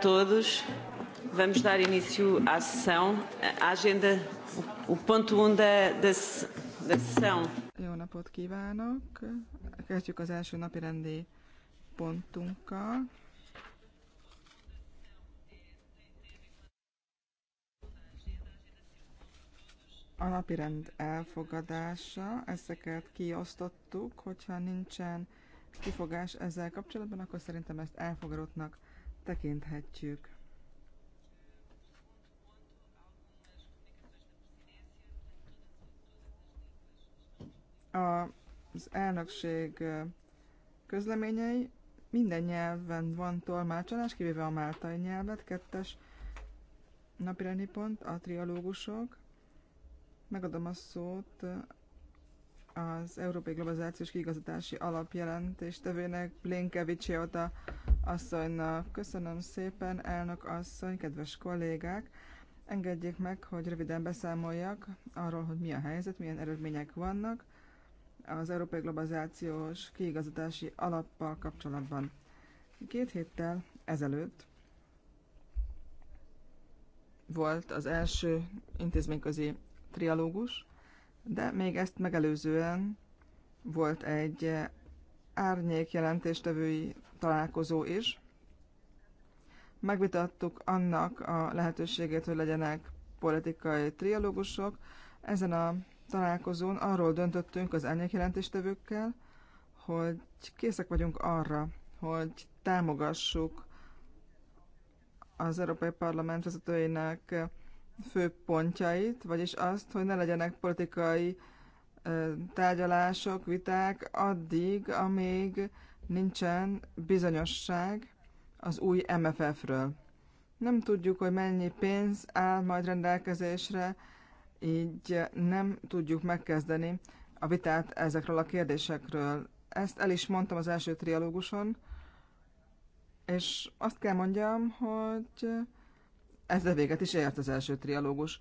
todos. Vamos dar início à sessão. A agenda, o ponto 1 um da, da, da sessão. Jó napot kívánok! Kezdjük az első napi rendi pontunkkal. A napi rend elfogadása, ezeket kiosztottuk, hogyha nincsen kifogás ezzel kapcsolatban, akkor szerintem ezt elfogadottnak tekinthetjük. Az elnökség közleményei minden nyelven van tolmácsolás, kivéve a máltai nyelvet, kettes napirendi pont, a trialógusok. Megadom a szót az Európai Globalizációs Kiigazítási Alapjelentés tevőnek a asszonynak. Köszönöm szépen, elnök asszony, kedves kollégák! Engedjék meg, hogy röviden beszámoljak arról, hogy mi a helyzet, milyen eredmények vannak az Európai Globalizációs Kiigazítási Alappal kapcsolatban. Két héttel ezelőtt volt az első intézményközi trialógus, de még ezt megelőzően volt egy árnyék jelentéstevői találkozó is. Megvitattuk annak a lehetőségét, hogy legyenek politikai trialógusok. Ezen a találkozón arról döntöttünk az elnyékjelentéstevőkkel, hogy készek vagyunk arra, hogy támogassuk az Európai Parlament vezetőinek fő pontjait, vagyis azt, hogy ne legyenek politikai tárgyalások, viták addig, amíg nincsen bizonyosság az új MFF-ről. Nem tudjuk, hogy mennyi pénz áll majd rendelkezésre, így nem tudjuk megkezdeni a vitát ezekről a kérdésekről. Ezt el is mondtam az első trialóguson, és azt kell mondjam, hogy ezzel véget is ért az első trialógus.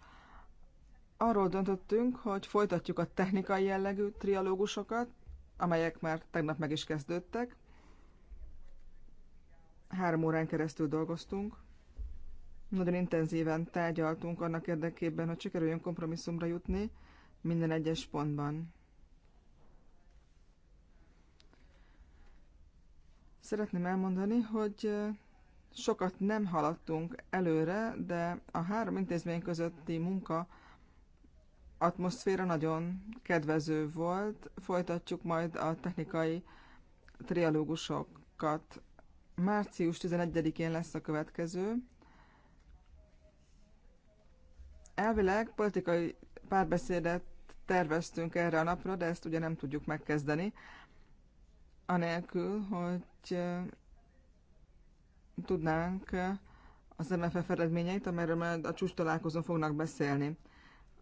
Arról döntöttünk, hogy folytatjuk a technikai jellegű trialógusokat, amelyek már tegnap meg is kezdődtek, Három órán keresztül dolgoztunk. Nagyon intenzíven tárgyaltunk annak érdekében, hogy sikerüljön kompromisszumra jutni minden egyes pontban. Szeretném elmondani, hogy sokat nem haladtunk előre, de a három intézmény közötti munka atmoszféra nagyon kedvező volt. Folytatjuk majd a technikai trialógusokat. Március 11-én lesz a következő. Elvileg politikai párbeszédet terveztünk erre a napra, de ezt ugye nem tudjuk megkezdeni, anélkül, hogy tudnánk az MFF eredményeit, amelyről majd a csúcs találkozón fognak beszélni.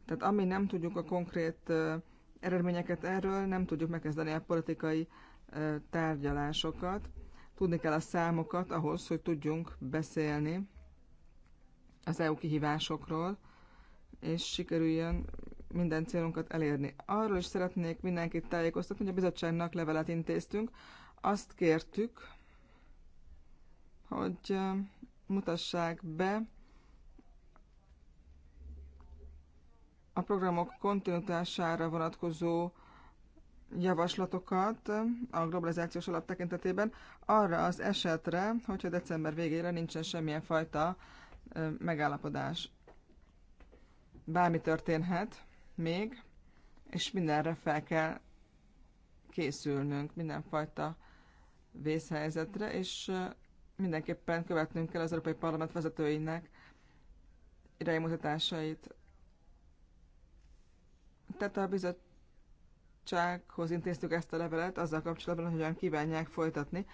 Tehát ami nem tudjuk a konkrét eredményeket erről, nem tudjuk megkezdeni a politikai tárgyalásokat. Tudni kell a számokat ahhoz, hogy tudjunk beszélni az EU kihívásokról, és sikerüljön minden célunkat elérni. Arról is szeretnék mindenkit tájékoztatni, hogy a bizottságnak levelet intéztünk. Azt kértük, hogy mutassák be a programok kontinuitására vonatkozó javaslatokat a globalizációs alap tekintetében arra az esetre, hogyha december végére nincsen semmilyen fajta megállapodás. Bármi történhet még, és mindenre fel kell készülnünk, mindenfajta vészhelyzetre, és mindenképpen követnünk kell az Európai Parlament vezetőinek iránymutatásait. Tehát a bizottság bizottsághoz intéztük ezt a levelet azzal kapcsolatban, hogy hogyan kívánják folytatni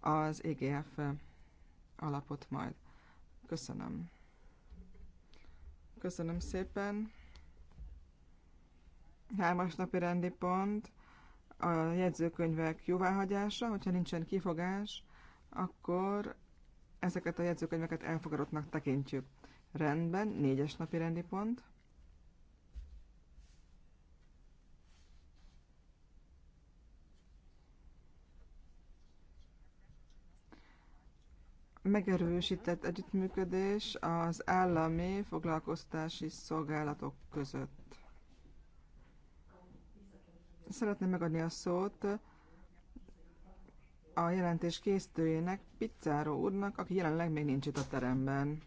az EGF alapot majd. Köszönöm. Köszönöm szépen. Hármas napi rendi pont a jegyzőkönyvek jóváhagyása, hogyha nincsen kifogás, akkor ezeket a jegyzőkönyveket elfogadottnak tekintjük. Rendben, négyes napi rendi pont. megerősített együttműködés az állami foglalkoztási szolgálatok között. Szeretném megadni a szót a jelentés készítőjének, Pizzáró úrnak, aki jelenleg még nincs itt a teremben.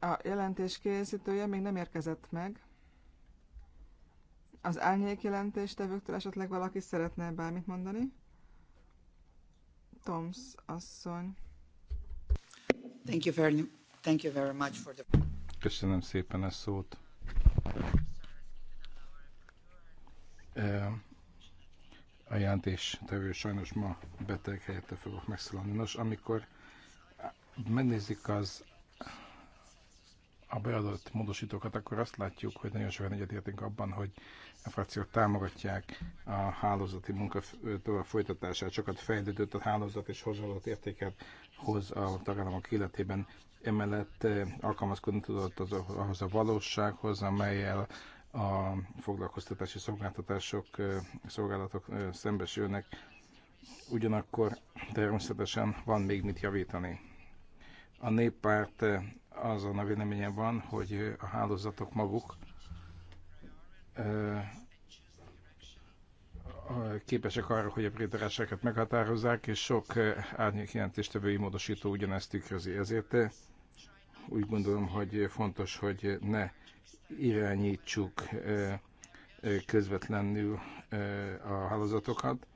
A jelentés készítője még nem érkezett meg. Az árnyék jelentéstevőktől esetleg valaki szeretne bármit mondani? Toms asszony. Thank you very, thank you very much for the... Köszönöm szépen a szót. A jelentés tevő sajnos ma beteg helyette fogok megszólalni. Nos, amikor megnézik az a beadott módosítókat, akkor azt látjuk, hogy nagyon sokan egyetértünk abban, hogy a frakciók támogatják a hálózati munka tovább folytatását, sokat fejlődött a hálózat és hozzáadott értéket hoz a tagállamok életében. Emellett alkalmazkodni tudott az, ahhoz a valósághoz, amelyel a foglalkoztatási szolgáltatások, szolgálatok szembesülnek. Ugyanakkor természetesen van még mit javítani. A néppárt azon a véleménye van, hogy a hálózatok maguk képesek arra, hogy a prédereseket meghatározzák, és sok árnyék jelentéstevői módosító ugyanezt tükrözi. Ezért úgy gondolom, hogy fontos, hogy ne irányítsuk közvetlenül a hálózatokat.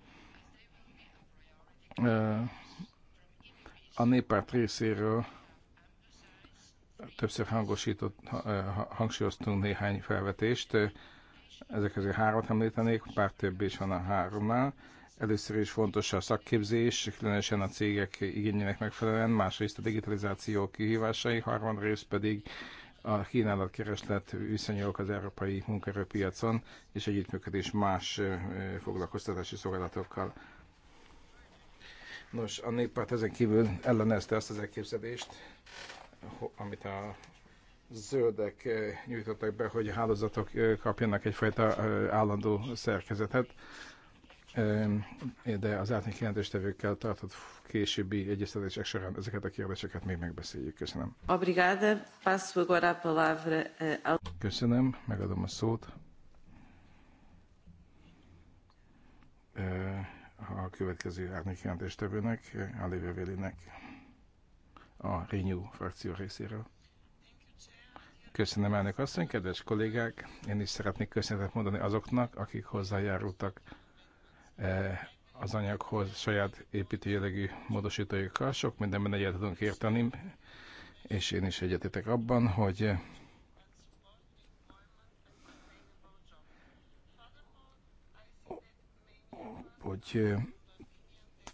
A néppárt részéről többször hangosított, eh, hangsúlyoztunk néhány felvetést, ezek közül hármat említenék, pár több is van a háromnál. Először is fontos a szakképzés, különösen a cégek igényének megfelelően, másrészt a digitalizáció kihívásai, harmadrészt pedig a kínálat-kereslet viszonyok az európai munkaerőpiacon és együttműködés más eh, foglalkoztatási szolgálatokkal. Nos, a néppárt ezen kívül ellenezte azt az elképzelést, amit a zöldek eh, nyújtottak be, hogy a hálózatok eh, kapjanak egyfajta eh, állandó szerkezetet, de az átnék jelentéstevőkkel tartott későbbi egyeztetések során ezeket a kérdéseket még megbeszéljük. Köszönöm. Obrigada. Passo agora a palavra Köszönöm, megadom a szót. A következő átnék jelentéstevőnek, Oliver Vélinek a Renew frakció részéről. Köszönöm elnök asszony, kedves kollégák! Én is szeretnék köszönetet mondani azoknak, akik hozzájárultak e, az anyaghoz saját építőjelegű módosítójukkal. Sok mindenben egyet tudunk érteni, és én is egyetétek abban, hogy hogy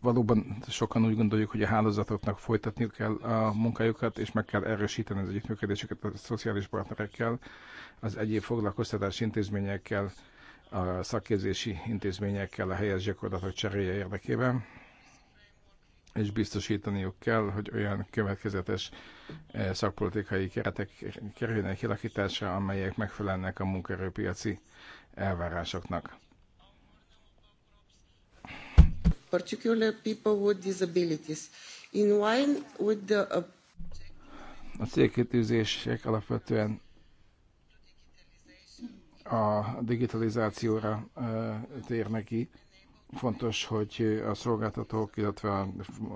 valóban sokan úgy gondoljuk, hogy a hálózatoknak folytatniuk kell a munkájukat, és meg kell erősíteni az együttműködéseket a szociális partnerekkel, az egyéb foglalkoztatási intézményekkel, a szakképzési intézményekkel a helyes gyakorlatok cseréje érdekében, és biztosítaniuk kell, hogy olyan következetes eh, szakpolitikai keretek kerüljenek kialakításra, amelyek megfelelnek a munkaerőpiaci elvárásoknak particular people with disabilities. In line with the uh, a célkitűzések alapvetően a digitalizációra uh, térnek ki. Fontos, hogy a szolgáltatók, illetve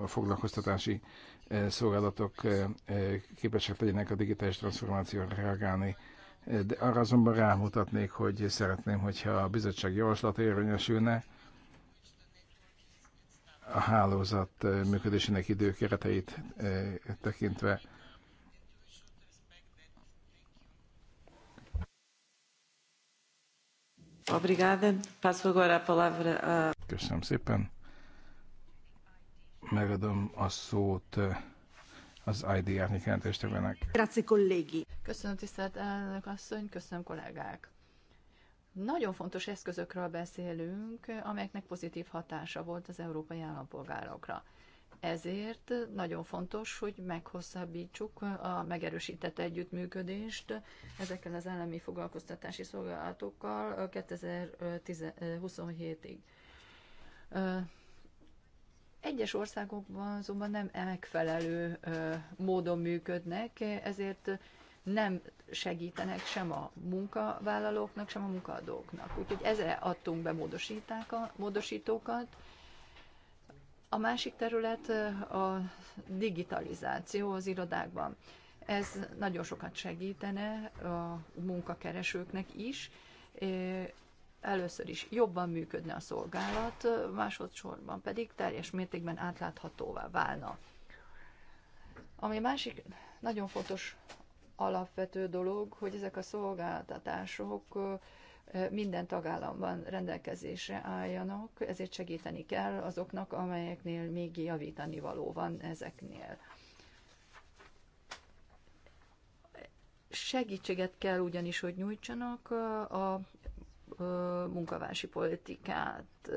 a foglalkoztatási uh, szolgálatok képesek legyenek a digitális transformációra reagálni. De arra azonban rámutatnék, hogy szeretném, hogyha a bizottság javaslat érvényesülne, a hálózat eh, működésének időkereteit eh, tekintve. Köszönöm szépen. Megadom a szót eh, az ID árnyék jelentéstevének. Köszönöm, tisztelt elnök asszony, köszönöm, kollégák. Nagyon fontos eszközökről beszélünk, amelyeknek pozitív hatása volt az európai állampolgárokra. Ezért nagyon fontos, hogy meghosszabbítsuk a megerősített együttműködést ezekkel az állami foglalkoztatási szolgálatokkal 2027-ig. Egyes országokban azonban nem megfelelő módon működnek, ezért nem segítenek sem a munkavállalóknak, sem a munkaadóknak. Úgyhogy ezre adtunk be módosítókat. A másik terület a digitalizáció az irodákban. Ez nagyon sokat segítene a munkakeresőknek is. Először is jobban működne a szolgálat, másodszorban pedig teljes mértékben átláthatóvá válna. Ami másik nagyon fontos alapvető dolog, hogy ezek a szolgáltatások minden tagállamban rendelkezésre álljanak, ezért segíteni kell azoknak, amelyeknél még javítani való van ezeknél. Segítséget kell ugyanis, hogy nyújtsanak a munkavási politikát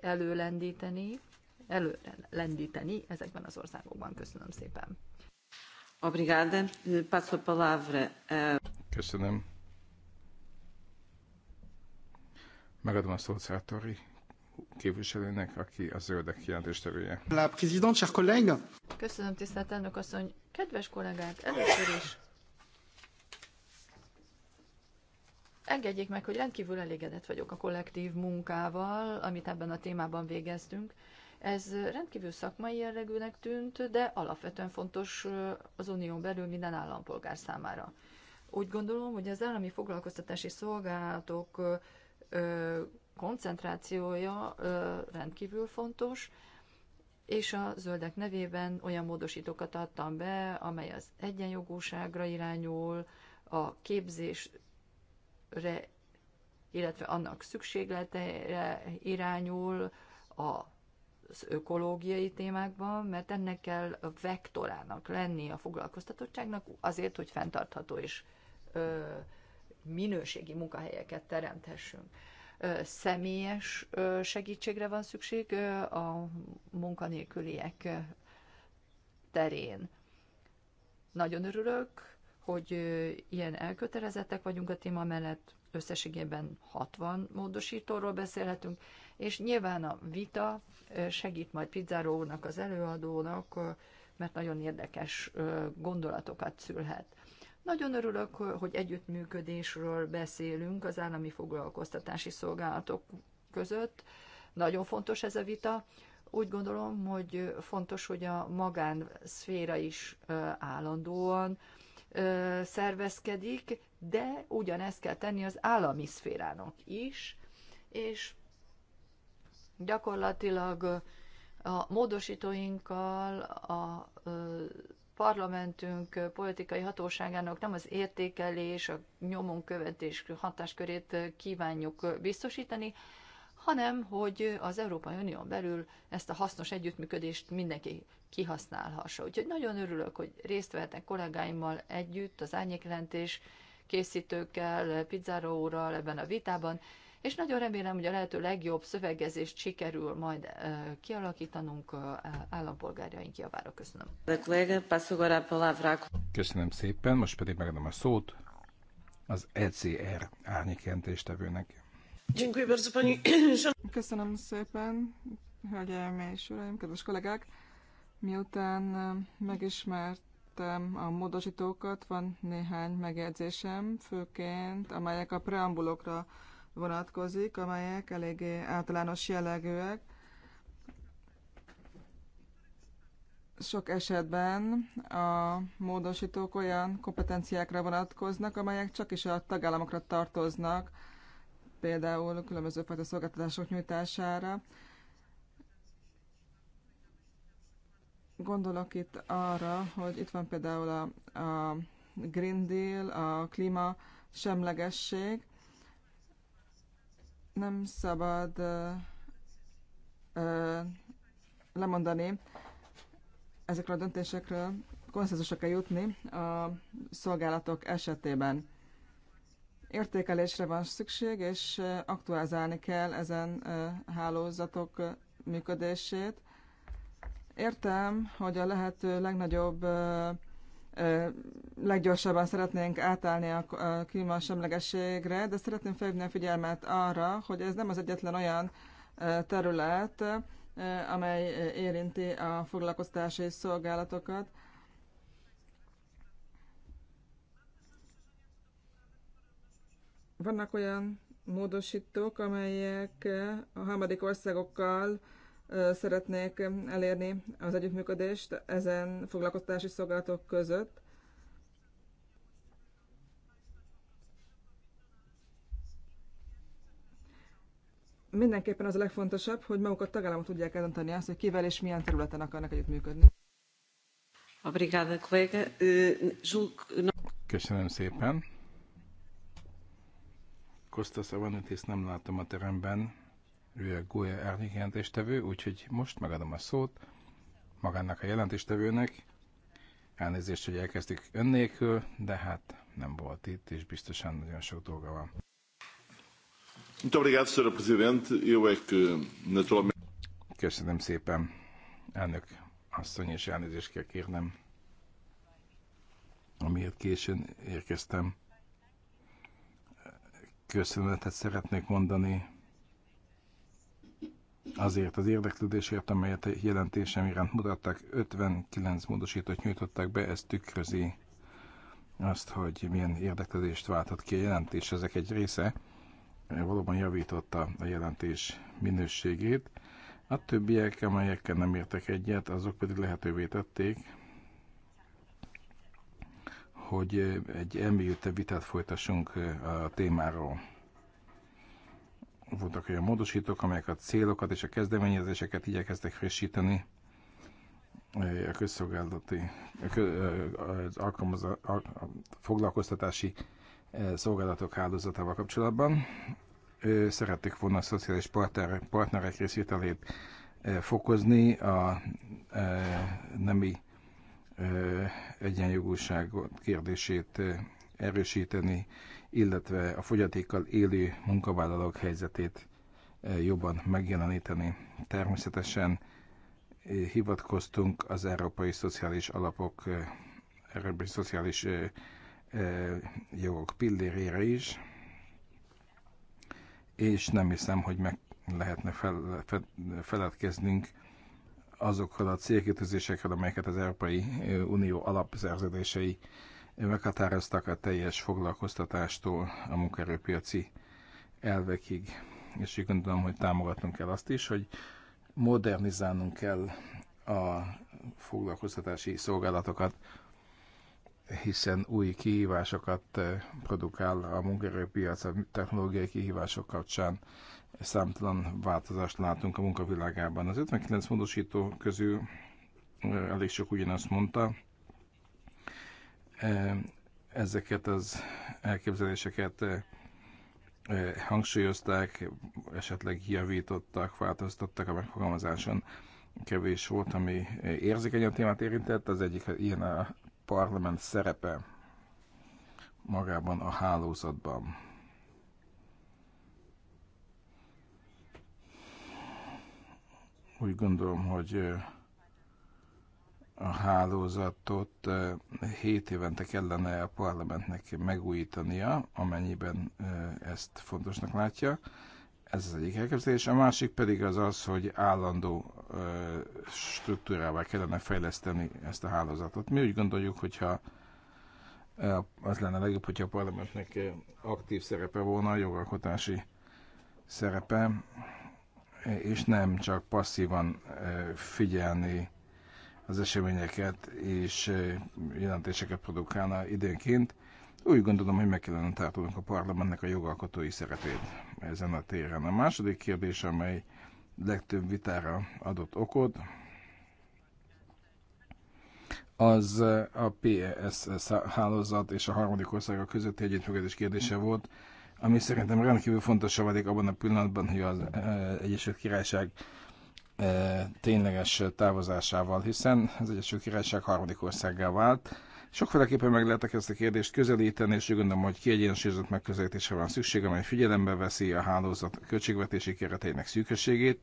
előlendíteni, előre lendíteni ezekben az országokban. Köszönöm szépen! Obrigada. Passo a palavra a... Köszönöm. Megadom a szót Szátori képviselőnek, aki a zöldek jelentéstevője. La Köszönöm, tisztelt elnök asszony. Kedves kollégák, először is engedjék meg, hogy rendkívül elégedett vagyok a kollektív munkával, amit ebben a témában végeztünk, ez rendkívül szakmai jellegűnek tűnt, de alapvetően fontos az unión belül minden állampolgár számára. Úgy gondolom, hogy az állami foglalkoztatási szolgálatok koncentrációja rendkívül fontos, és a zöldek nevében olyan módosítókat adtam be, amely az egyenjogúságra irányul, a képzésre, illetve annak szükségletére irányul, a az ökológiai témákban, mert ennek kell a vektorának lenni a foglalkoztatottságnak azért, hogy fenntartható és ö, minőségi munkahelyeket teremthessünk. Ö, személyes ö, segítségre van szükség ö, a munkanélküliek terén. Nagyon örülök, hogy ö, ilyen elkötelezettek vagyunk a téma mellett, összességében 60 módosítóról beszélhetünk, és nyilván a vita segít majd pizzarónak az előadónak, mert nagyon érdekes gondolatokat szülhet. Nagyon örülök, hogy együttműködésről beszélünk az állami foglalkoztatási szolgálatok között. Nagyon fontos ez a vita. Úgy gondolom, hogy fontos, hogy a magánszféra is állandóan szervezkedik, de ugyanezt kell tenni az állami szférának is, és Gyakorlatilag a módosítóinkkal a parlamentünk politikai hatóságának nem az értékelés, a nyomon követés hatáskörét kívánjuk biztosítani, hanem hogy az Európai Unión belül ezt a hasznos együttműködést mindenki kihasználhassa. Úgyhogy nagyon örülök, hogy részt vehetek kollégáimmal együtt, az árnyékjelentés készítőkkel, Pizzáró úrral ebben a vitában, és nagyon remélem, hogy a lehető legjobb szövegezést sikerül majd kialakítanunk állampolgárjaink javára. Köszönöm. Köszönöm szépen, most pedig megadom a szót az ECR árnyékjelentéstevőnek. Köszönöm szépen, hölgyeim és uraim, kedves kollégák! Miután megismertem a módosítókat, van néhány megjegyzésem, főként amelyek a preambulokra vonatkozik, amelyek eléggé általános jellegűek. Sok esetben a módosítók olyan kompetenciákra vonatkoznak, amelyek csak is a tagállamokra tartoznak, például különböző fajta szolgáltatások nyújtására. Gondolok itt arra, hogy itt van például a, a Green Deal, a klíma semlegesség, nem szabad uh, uh, lemondani ezekről a döntésekről, konszenzusra kell jutni a szolgálatok esetében. Értékelésre van szükség, és aktualizálni kell ezen hálózatok működését. Értem, hogy a lehető legnagyobb leggyorsabban szeretnénk átállni a klímasemlegességre, de szeretném felhívni a figyelmet arra, hogy ez nem az egyetlen olyan terület, amely érinti a foglalkoztási szolgálatokat. Vannak olyan módosítók, amelyek a harmadik országokkal szeretnék elérni az együttműködést ezen foglalkoztatási szolgálatok között. Mindenképpen az a legfontosabb, hogy maguk a tagállamok tudják eldönteni azt, hogy kivel és milyen területen akarnak együttműködni. Köszönöm szépen. Kostas Avanitis nem látom a teremben ő a Gólya árnyék jelentéstevő, úgyhogy most megadom a szót magának a jelentéstevőnek. Elnézést, hogy elkezdtük ön de hát nem volt itt, és biztosan nagyon sok dolga van. Köszönöm szépen, elnök asszony, és elnézést kell kérnem, amiért későn érkeztem. Köszönetet szeretnék mondani azért az érdeklődésért, amelyet jelentésem iránt mutattak. 59 módosítót nyújtottak be, ez tükrözi azt, hogy milyen érdeklődést váltott ki a jelentés. Ezek egy része valóban javította a jelentés minőségét. A többiek, amelyekkel nem értek egyet, azok pedig lehetővé tették, hogy egy elmélyültebb vitát folytassunk a témáról voltak olyan módosítók, amelyek a célokat és a kezdeményezéseket igyekeztek frissíteni a közszolgálati, az alkalmaz, a, a foglalkoztatási szolgálatok hálózatával kapcsolatban. Szerették volna a szociális partner, partnerek részvételét fokozni a nemi egyenjogúságot kérdését erősíteni, illetve a fogyatékkal élő munkavállalók helyzetét eh, jobban megjeleníteni. Természetesen eh, hivatkoztunk az Európai Szociális Alapok, eh, Európai Szociális Jogok pillérére is, és nem hiszem, hogy meg lehetne fel, fel, feledkeznünk azokkal a célkitűzésekkel, amelyeket az Európai Unió alapszerződései meghatároztak a teljes foglalkoztatástól a munkaerőpiaci elvekig. És úgy gondolom, hogy támogatnunk kell azt is, hogy modernizálnunk kell a foglalkoztatási szolgálatokat, hiszen új kihívásokat eh, produkál a munkaerőpiac a technológiai kihívások kapcsán. Számtalan változást látunk a munkavilágában. Az 59 módosító közül eh, elég sok ugyanazt mondta, ezeket az elképzeléseket hangsúlyozták, esetleg javítottak, változtattak a megfogalmazáson. Kevés volt, ami érzékeny a témát érintett, az egyik ilyen a parlament szerepe magában a hálózatban. Úgy gondolom, hogy a hálózatot hét évente kellene a parlamentnek megújítania, amennyiben ezt fontosnak látja. Ez az egyik elképzelés. A másik pedig az az, hogy állandó struktúrával kellene fejleszteni ezt a hálózatot. Mi úgy gondoljuk, hogyha az lenne legjobb, hogyha a parlamentnek aktív szerepe volna a jogalkotási szerepe, és nem csak passzívan figyelni az eseményeket és jelentéseket produkálna időnként. Úgy gondolom, hogy meg kellene tartanunk a parlamentnek a jogalkotói szerepét ezen a téren. A második kérdés, amely legtöbb vitára adott okot, az a PES hálózat és a harmadik országok közötti együttműködés kérdése volt, ami szerintem rendkívül fontos válik abban a pillanatban, hogy az Egyesült Királyság tényleges távozásával, hiszen az Egyesült Királyság harmadik országgá vált. Sokféleképpen meg lehetek ezt a kérdést közelíteni, és úgy gondolom, hogy kiegyensúlyozott megközelítésre van szükség, amely figyelembe veszi a hálózat költségvetési kereteinek szűkösségét,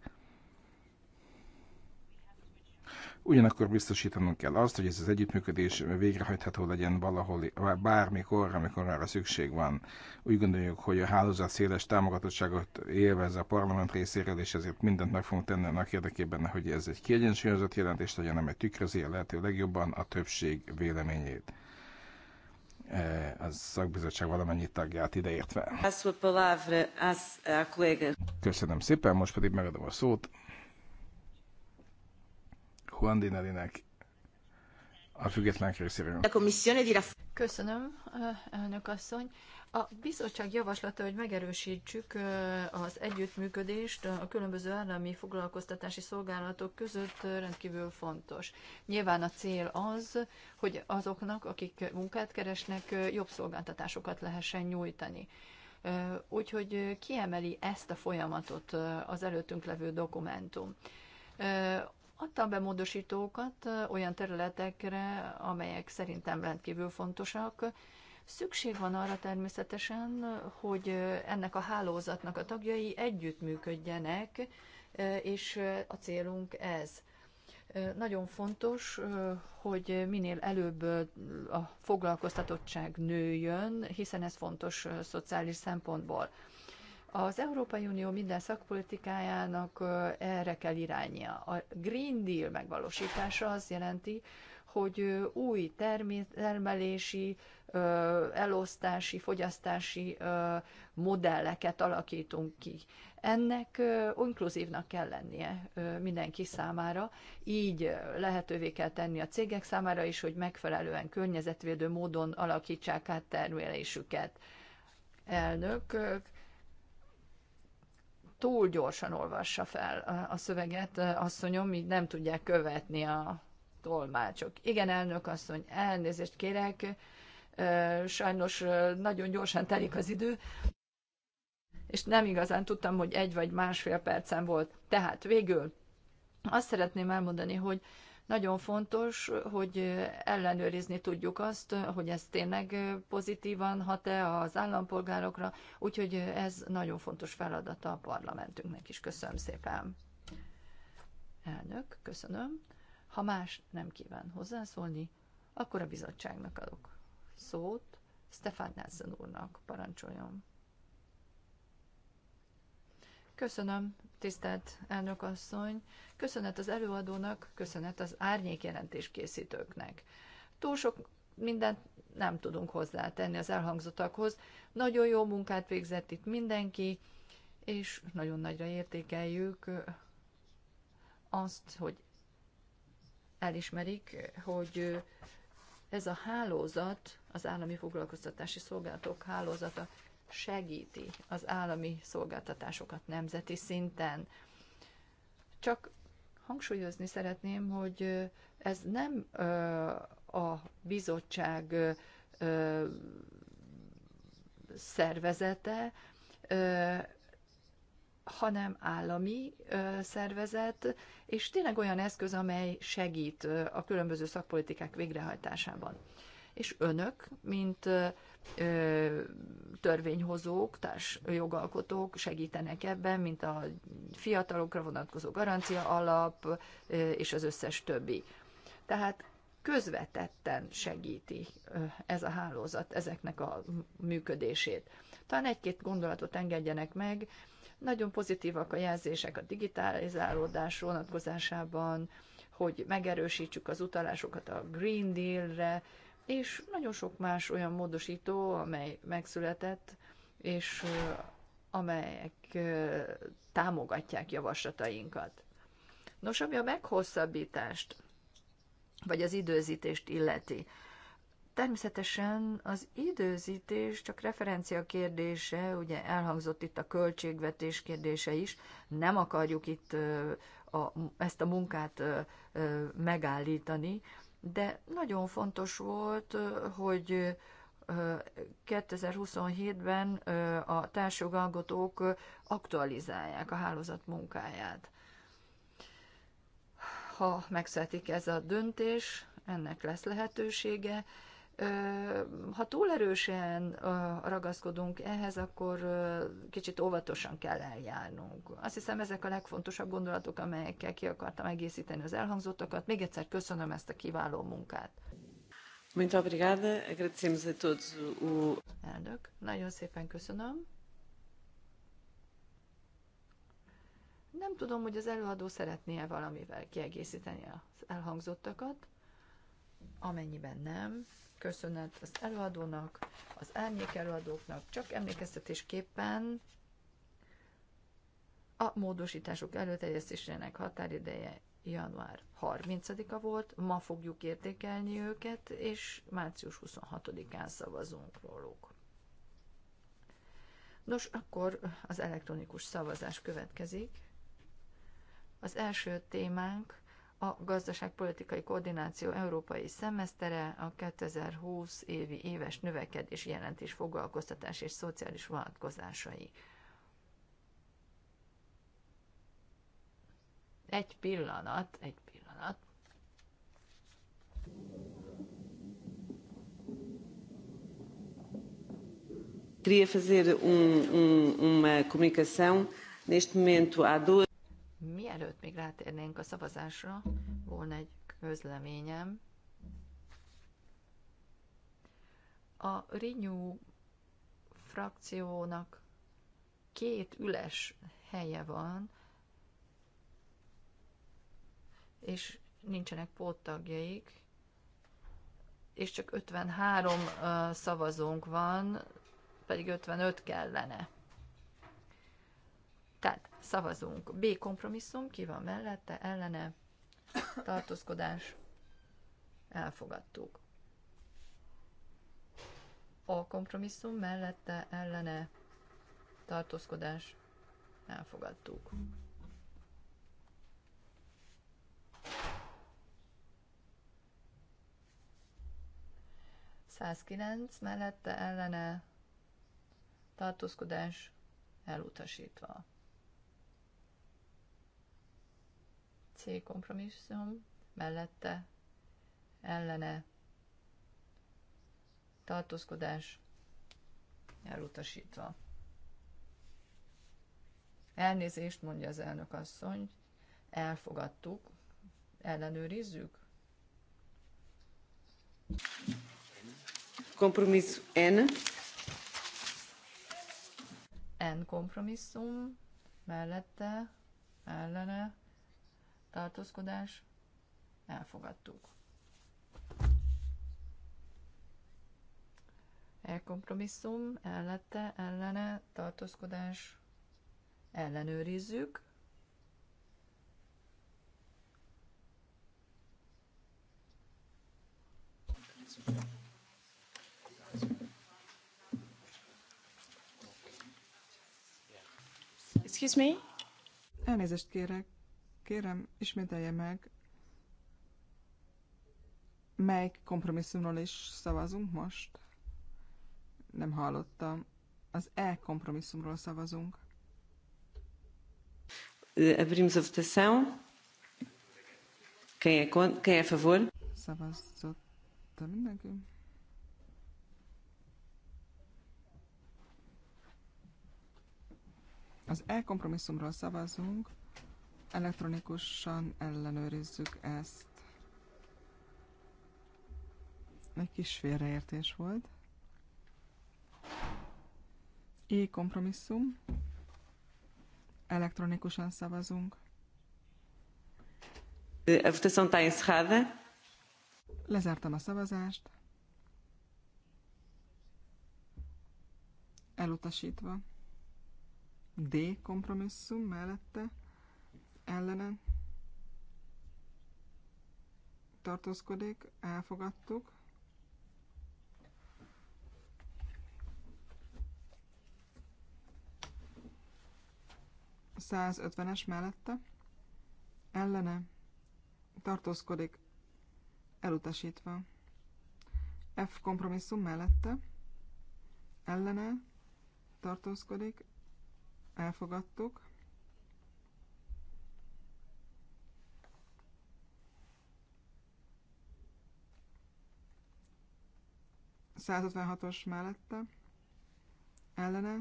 Ugyanakkor biztosítanunk kell azt, hogy ez az együttműködés végrehajtható legyen valahol, bármikor, amikor arra szükség van. Úgy gondoljuk, hogy a hálózat széles támogatottságot élvez a parlament részéről, és ezért mindent meg fogunk tenni annak érdekében, hogy ez egy kiegyensúlyozott jelentést legyen, amely tükrözi a lehető legjobban a többség véleményét e, a szakbizottság valamennyi tagját ideértve. Köszönöm szépen, most pedig megadom a szót Juan Dinelinek a független részéről. Köszönöm, eh, elnök asszony. A bizottság javaslata, hogy megerősítsük eh, az együttműködést a különböző állami foglalkoztatási szolgálatok között eh, rendkívül fontos. Nyilván a cél az, hogy azoknak, akik munkát keresnek, jobb szolgáltatásokat lehessen nyújtani. Úgyhogy kiemeli ezt a folyamatot az előttünk levő dokumentum Adtam be módosítókat olyan területekre, amelyek szerintem rendkívül fontosak. Szükség van arra természetesen, hogy ennek a hálózatnak a tagjai együttműködjenek, és a célunk ez. Nagyon fontos, hogy minél előbb a foglalkoztatottság nőjön, hiszen ez fontos szociális szempontból. Az Európai Unió minden szakpolitikájának erre kell irányia. A Green Deal megvalósítása azt jelenti, hogy új termelési, elosztási, fogyasztási modelleket alakítunk ki. Ennek inkluzívnak kell lennie mindenki számára, így lehetővé kell tenni a cégek számára is, hogy megfelelően környezetvédő módon alakítsák át termelésüket. Elnök, túl gyorsan olvassa fel a szöveget, asszonyom, így nem tudják követni a tolmácsok. Igen, elnök asszony, elnézést kérek, sajnos nagyon gyorsan telik az idő, és nem igazán tudtam, hogy egy vagy másfél percen volt. Tehát végül azt szeretném elmondani, hogy nagyon fontos, hogy ellenőrizni tudjuk azt, hogy ez tényleg pozitívan hat-e az állampolgárokra, úgyhogy ez nagyon fontos feladata a parlamentünknek is. Köszönöm szépen. Elnök, köszönöm. Ha más nem kíván hozzászólni, akkor a bizottságnak adok szót. Stefan Nelson úrnak parancsoljon. Köszönöm, tisztelt elnök asszony, köszönet az előadónak, köszönet az árnyék jelentés készítőknek. Túl sok mindent nem tudunk hozzátenni az elhangzottakhoz. Nagyon jó munkát végzett itt mindenki, és nagyon nagyra értékeljük azt, hogy elismerik, hogy ez a hálózat, az állami foglalkoztatási szolgálatok hálózata segíti az állami szolgáltatásokat nemzeti szinten. Csak hangsúlyozni szeretném, hogy ez nem a bizottság szervezete, hanem állami szervezet, és tényleg olyan eszköz, amely segít a különböző szakpolitikák végrehajtásában és önök, mint törvényhozók, társ jogalkotók segítenek ebben, mint a fiatalokra vonatkozó garancia alap, és az összes többi. Tehát közvetetten segíti ez a hálózat ezeknek a működését. Talán egy-két gondolatot engedjenek meg. Nagyon pozitívak a jelzések a digitalizálódás vonatkozásában, hogy megerősítsük az utalásokat a Green Deal-re, és nagyon sok más olyan módosító, amely megszületett, és amelyek támogatják javaslatainkat. Nos, ami a meghosszabbítást, vagy az időzítést illeti, természetesen az időzítés csak referencia kérdése, ugye elhangzott itt a költségvetés kérdése is, nem akarjuk itt a, ezt a munkát megállítani, de nagyon fontos volt, hogy 2027-ben a társjogalkotók aktualizálják a hálózat munkáját. Ha megszületik ez a döntés, ennek lesz lehetősége, ha túl erősen ragaszkodunk ehhez, akkor kicsit óvatosan kell eljárnunk. Azt hiszem, ezek a legfontosabb gondolatok, amelyekkel ki akartam egészíteni az elhangzottakat. Még egyszer köszönöm ezt a kiváló munkát. Muito obrigada, agradecemos a todos o... Elnök, nagyon szépen köszönöm. Nem tudom, hogy az előadó szeretné-e valamivel kiegészíteni az elhangzottakat. Amennyiben nem, köszönet az előadónak, az árnyék előadóknak, csak emlékeztetésképpen a módosítások előterjesztésének határideje január 30-a volt, ma fogjuk értékelni őket, és március 26-án szavazunk róluk. Nos, akkor az elektronikus szavazás következik. Az első témánk a gazdaságpolitikai koordináció európai szemesztere, a 2020 évi éves növekedés jelentés foglalkoztatás és szociális vonatkozásai. Egy pillanat, egy pillanat. Queria fazer um, um, uma comunicação. Neste momento há duas mielőtt még rátérnénk a szavazásra, volna egy közleményem. A Renew frakciónak két üles helye van, és nincsenek póttagjaik, és csak 53 szavazónk van, pedig 55 kellene. Szavazunk. B kompromisszum, ki van mellette, ellene, tartózkodás, elfogadtuk. A kompromisszum mellette, ellene, tartózkodás, elfogadtuk. Százkilenc mellette, ellene, tartózkodás, elutasítva. C kompromisszum mellette ellene tartózkodás elutasítva. Elnézést mondja az elnök asszony, elfogadtuk, ellenőrizzük. Kompromisszum N. N kompromisszum mellette, ellene tartózkodás, elfogadtuk. Elkompromisszum, ellette, ellene, tartózkodás, ellenőrizzük. Excuse me? Elnézést kérek. Kérem, ismételje meg, melyik kompromisszumról is szavazunk most? Nem hallottam. Az E kompromisszumról szavazunk. Abrimos a votação. Quem é, con... Quem é a favor? Szavazott mindenki. Az E kompromisszumról szavazunk elektronikusan ellenőrizzük ezt. Egy kis félreértés volt. I kompromisszum. Elektronikusan szavazunk. A votação está encerrada. Lezártam a szavazást. Elutasítva. D kompromisszum mellette ellene tartózkodik, elfogadtuk. A 150-es mellette ellene tartózkodik, elutasítva. F kompromisszum mellette ellene tartózkodik, elfogadtuk. 156-os mellette, ellene.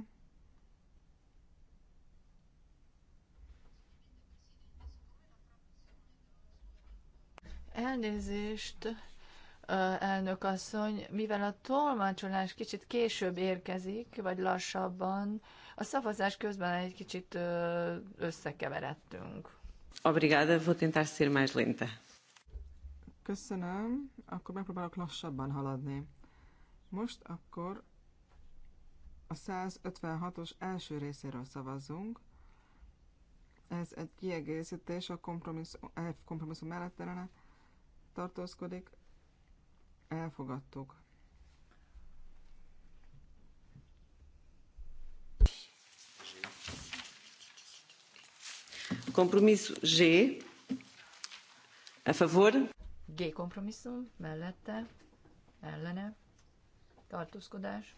Elnézést, elnök asszony, mivel a tolmácsolás kicsit később érkezik, vagy lassabban, a szavazás közben egy kicsit összekeveredtünk. Obrigada, vou tentar ser mais lenta. Köszönöm, akkor megpróbálok lassabban haladni. Most akkor a 156-os első részéről szavazzunk. Ez egy kiegészítés a kompromisszum, elf kompromisszum mellett tartózkodik. Elfogadtuk. Kompromisszum G. A favor. G kompromisszum mellette, ellene tartózkodás,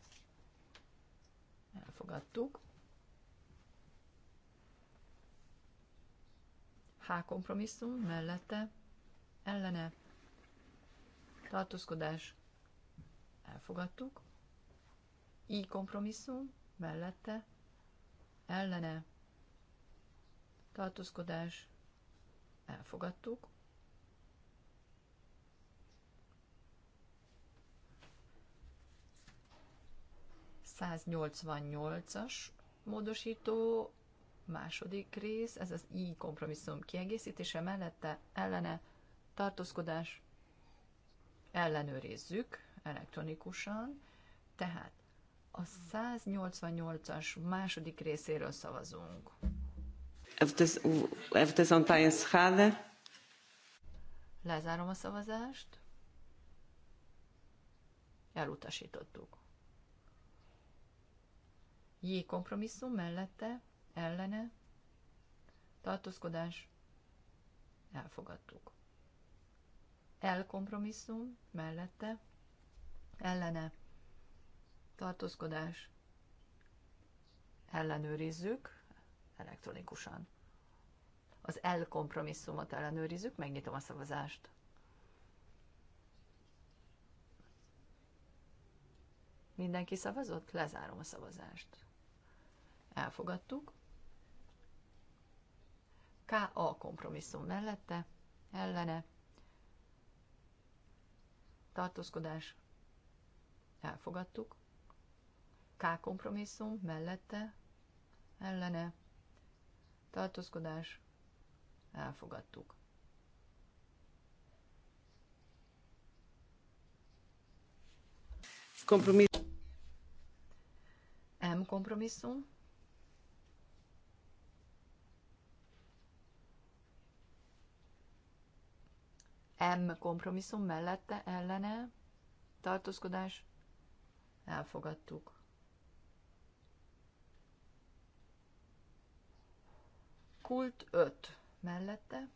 elfogadtuk. H kompromisszum mellette, ellene, tartózkodás, elfogadtuk. I kompromisszum mellette, ellene, tartózkodás, elfogadtuk. 188-as módosító, második rész, ez az i kompromisszum kiegészítése mellette ellene tartózkodás ellenőrizzük elektronikusan, tehát a 188-as második részéről szavazunk. Lezárom a szavazást. Elutasítottuk. J kompromisszum mellette, ellene, tartózkodás, elfogadtuk. L kompromisszum mellette, ellene, tartózkodás, ellenőrizzük elektronikusan. Az L kompromisszumot ellenőrizzük, megnyitom a szavazást. Mindenki szavazott? Lezárom a szavazást elfogadtuk. A kompromisszum mellette, ellene, tartózkodás, elfogadtuk. K kompromisszum mellette, ellene, tartózkodás, elfogadtuk. Kompromisszum. M kompromisszum M kompromisszum mellette ellene tartózkodás elfogadtuk. Kult 5 mellette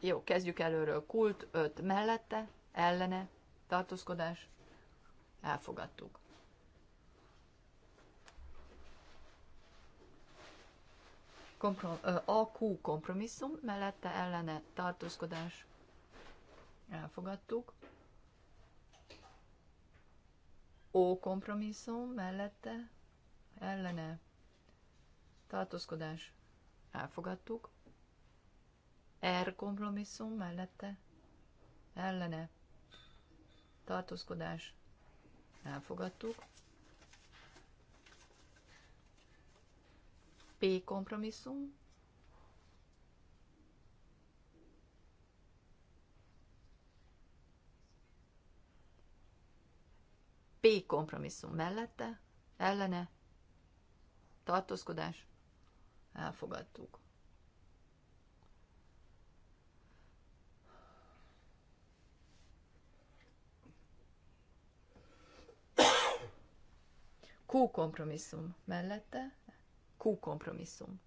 Jó, kezdjük előről. Kult 5 mellette, ellene, tartózkodás, elfogadtuk. Komprom- AQ kompromisszum, mellette ellene tartózkodás elfogadtuk. O kompromisszum, mellette ellene tartózkodás elfogadtuk. R kompromisszum, mellette ellene tartózkodás elfogadtuk. P kompromisszum. P kompromisszum mellette, ellene, tartózkodás, elfogadtuk. Q kompromisszum mellette, Q kompromisszum.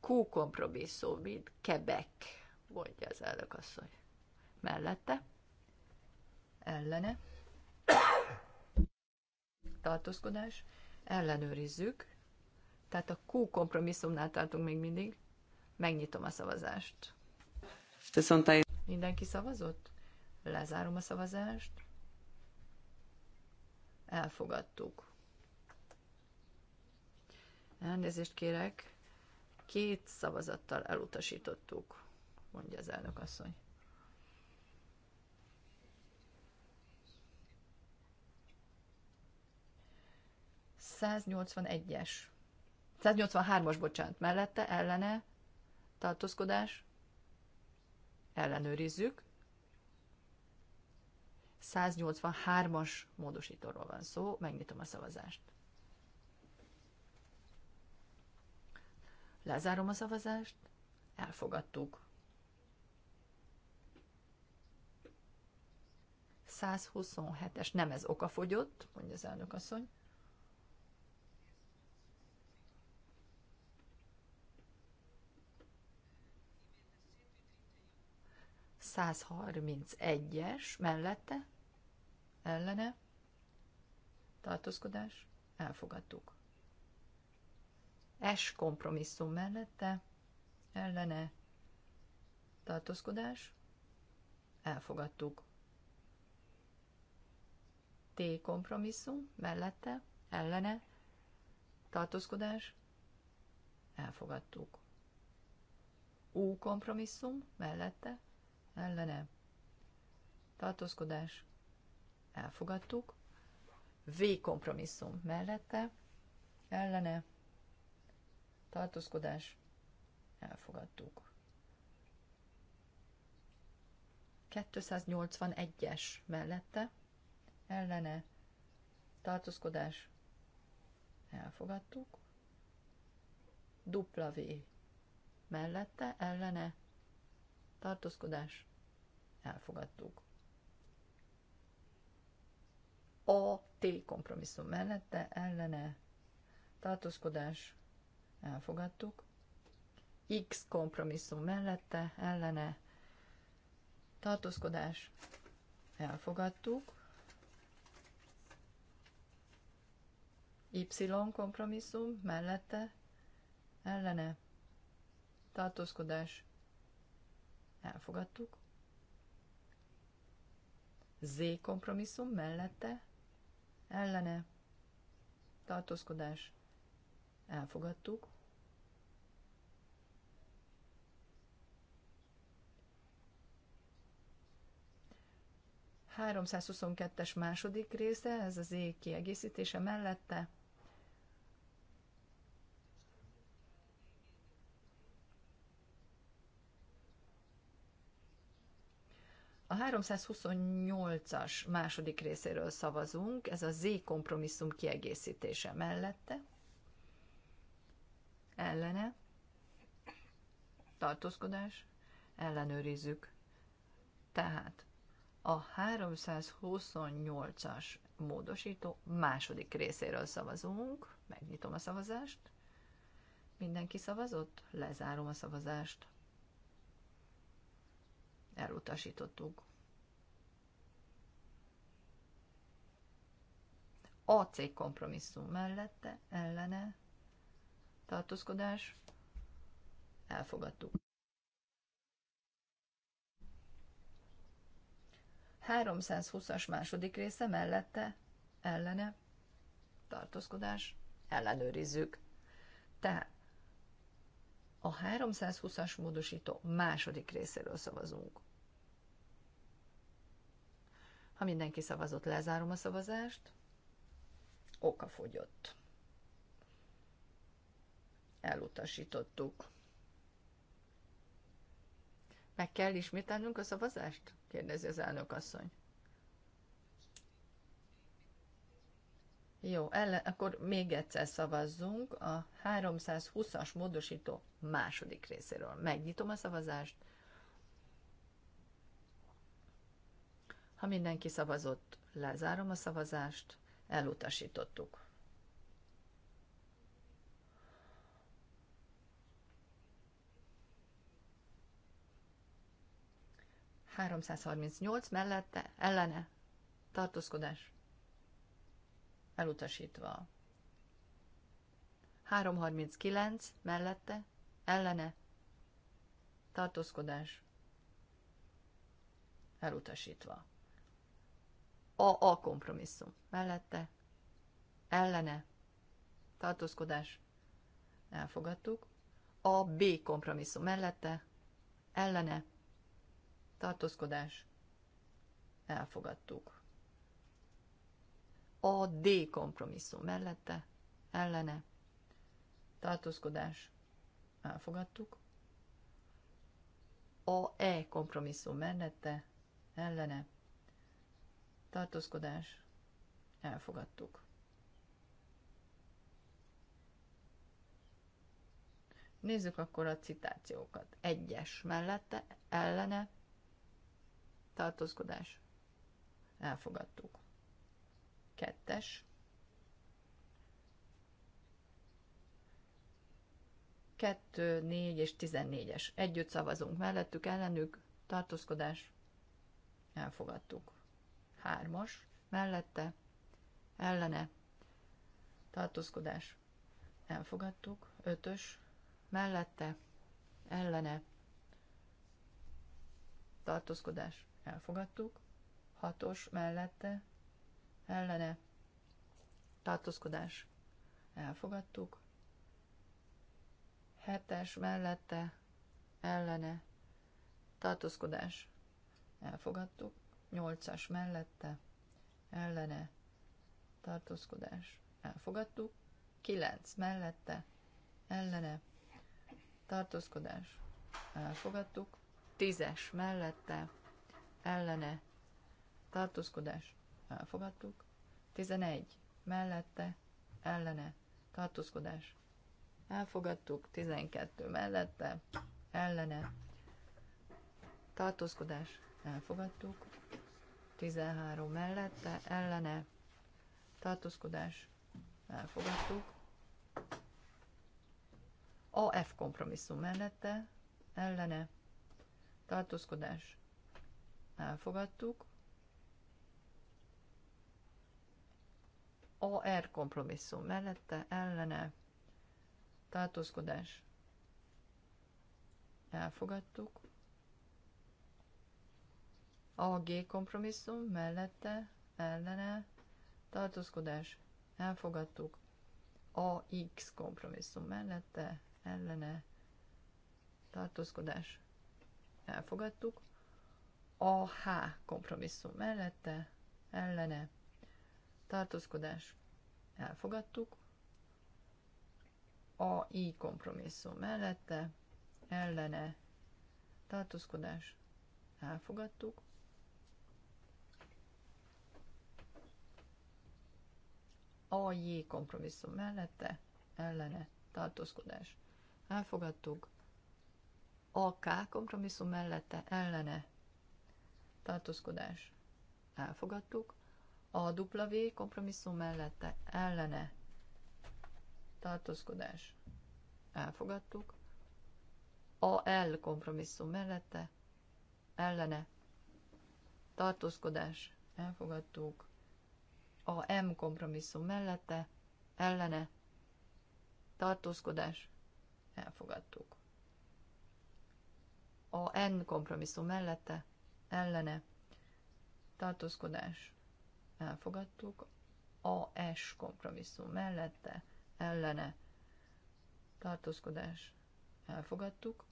Q kompromisszum, mint Quebec, mondja az elnök asszony. Mellette, ellene, tartózkodás, ellenőrizzük, tehát a Q kompromisszumnál tartunk még mindig, megnyitom a szavazást. Mindenki szavazott? Lezárom a szavazást elfogadtuk. Elnézést kérek, két szavazattal elutasítottuk, mondja az elnök asszony. es 183-as, bocsánat, mellette, ellene, tartózkodás, ellenőrizzük. 183-as módosítóról van szó, megnyitom a szavazást. Lezárom a szavazást, elfogadtuk. 127-es, nem ez okafogyott, mondja az elnök asszony. 131-es mellette, ellene, tartózkodás, elfogadtuk. S kompromisszum mellette, ellene, tartózkodás, elfogadtuk. T kompromisszum mellette, ellene, tartózkodás, elfogadtuk. U kompromisszum mellette, ellene tartózkodás elfogadtuk, V kompromisszum mellette ellene tartózkodás elfogadtuk. 281-es mellette ellene tartózkodás elfogadtuk, dupla V mellette ellene tartózkodás elfogadtuk. A T kompromisszum mellette ellene tartózkodás elfogadtuk. X kompromisszum mellette ellene tartózkodás elfogadtuk. Y kompromisszum mellette ellene tartózkodás elfogadtuk. Z kompromisszum mellette, ellene, tartózkodás, elfogadtuk. es második része, ez az ég kiegészítése mellette, 328-as második részéről szavazunk, ez a Z kompromisszum kiegészítése mellette, ellene, tartózkodás, ellenőrizzük. Tehát a 328-as módosító második részéről szavazunk, megnyitom a szavazást, mindenki szavazott, lezárom a szavazást, elutasítottuk. cég kompromisszum mellette, ellene, tartózkodás, elfogadtuk. 320-as második része mellette, ellene, tartózkodás, ellenőrizzük. Tehát a 320-as módosító második részéről szavazunk. Ha mindenki szavazott, lezárom a szavazást okafogyott. Elutasítottuk. Meg kell ismételnünk a szavazást? kérdezi az asszony. Jó, ellen, akkor még egyszer szavazzunk a 320-as módosító második részéről. Megnyitom a szavazást. Ha mindenki szavazott, lezárom a szavazást elutasítottuk. ...338 mellette ellene tartózkodás elutasítva. 339 mellette ellene tartózkodás elutasítva. A, a kompromisszum. Mellette, ellene, tartózkodás, elfogadtuk. A B kompromisszum mellette, ellene, tartózkodás, elfogadtuk. A D kompromisszum mellette, ellene, tartózkodás, elfogadtuk. A E kompromisszum mellette, ellene, tartózkodás, elfogadtuk. Nézzük akkor a citációkat. Egyes mellette, ellene, tartózkodás, elfogadtuk. Kettes. Kettő, négy és tizennégyes. Együtt szavazunk mellettük, ellenük, tartózkodás, elfogadtuk hármas, mellette, ellene, tartózkodás, elfogadtuk, ötös, mellette, ellene, tartózkodás, elfogadtuk, hatos, mellette, ellene, tartózkodás, elfogadtuk, hetes, mellette, ellene, tartózkodás, elfogadtuk, 8-as mellette ellene tartózkodás elfogadtuk, 9 mellette ellene tartózkodás elfogadtuk, 10-es mellette ellene tartózkodás elfogadtuk, 11 mellette ellene tartózkodás elfogadtuk, 12 mellette ellene tartózkodás elfogadtuk. 13 mellette, ellene, tartózkodás, elfogadtuk. AF kompromisszum mellette, ellene, tartózkodás, elfogadtuk. AR kompromisszum mellette, ellene, tartózkodás, elfogadtuk. A G kompromisszum mellette, ellene, tartózkodás, elfogadtuk. A X kompromisszum mellette, ellene, tartózkodás, elfogadtuk. A H kompromisszum mellette, ellene, tartózkodás, elfogadtuk. A I kompromisszum mellette, ellene, tartózkodás, elfogadtuk. AJ kompromisszum mellette, ellene, tartózkodás. Elfogadtuk. AK kompromisszum mellette, ellene, tartózkodás. Elfogadtuk. A W kompromisszum mellette, ellene, tartózkodás. Elfogadtuk. A L kompromisszum mellette, ellene, tartózkodás. Elfogadtuk a M kompromisszum mellette, ellene, tartózkodás, elfogadtuk. A N kompromisszum mellette, ellene, tartózkodás, elfogadtuk. A S kompromisszum mellette, ellene, tartózkodás, elfogadtuk.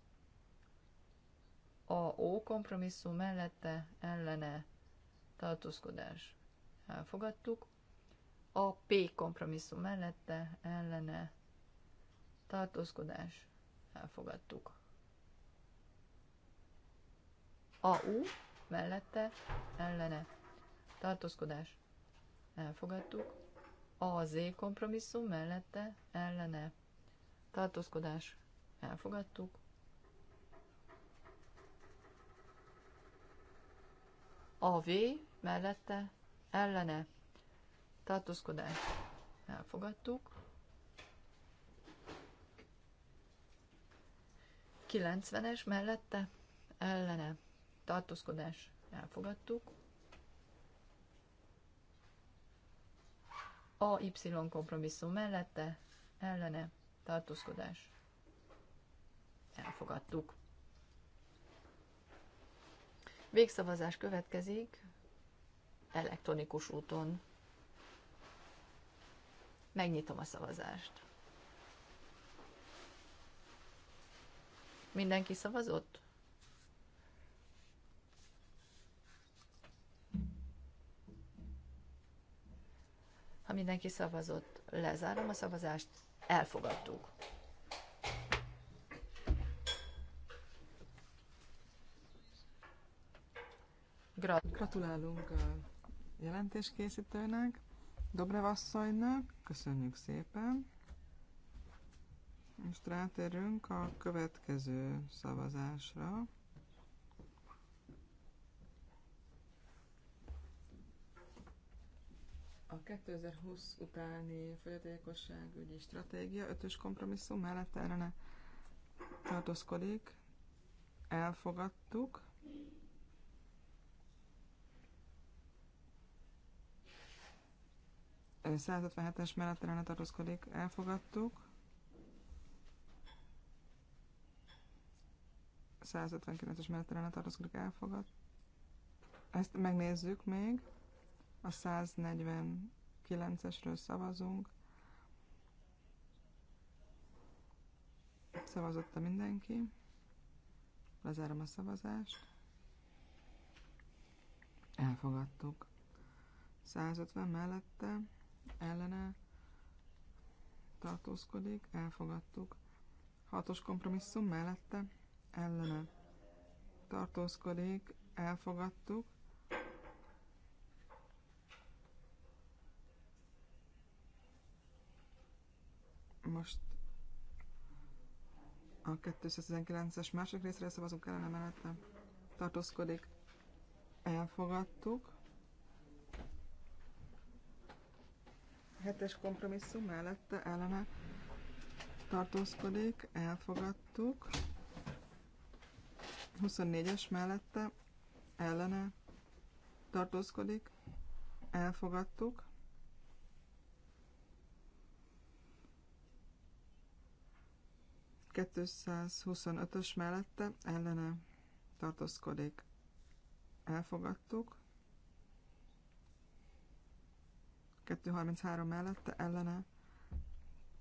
A O kompromisszum mellette, ellene, tartózkodás, elfogadtuk. A P kompromisszum mellette ellene tartózkodás elfogadtuk. A U mellette ellene tartózkodás elfogadtuk. A Z kompromisszum mellette ellene tartózkodás elfogadtuk. A V mellette ellene tartózkodás elfogadtuk. 90-es mellette ellene tartózkodás elfogadtuk. A Y kompromisszum mellette ellene tartózkodás elfogadtuk. Végszavazás következik elektronikus úton. Megnyitom a szavazást. Mindenki szavazott? Ha mindenki szavazott, lezárom a szavazást, elfogadtuk. Gratulálunk a jelentéskészítőnek, Dobrev asszonynak, köszönjük szépen. Most rátérünk a következő szavazásra. A 2020 utáni fogyatékosságügyi stratégia ötös kompromisszum mellett erre tartózkodik. Elfogadtuk. 157-es mellett ellene tartózkodik, elfogadtuk. 159-es mellett ellene tartózkodik, elfogad. Ezt megnézzük még. A 149-esről szavazunk. Szavazotta mindenki. Lezárom a szavazást. Elfogadtuk. 150 mellette ellene tartózkodik, elfogadtuk. Hatos kompromisszum mellette ellene tartózkodik, elfogadtuk. Most a 219-es második részre szavazunk ellene mellette tartózkodik, elfogadtuk. hetes kompromisszum mellette ellene tartózkodik, elfogadtuk. 24-es mellette ellene tartózkodik, elfogadtuk. ös mellette ellene tartózkodik. Elfogadtuk. 233 mellette ellene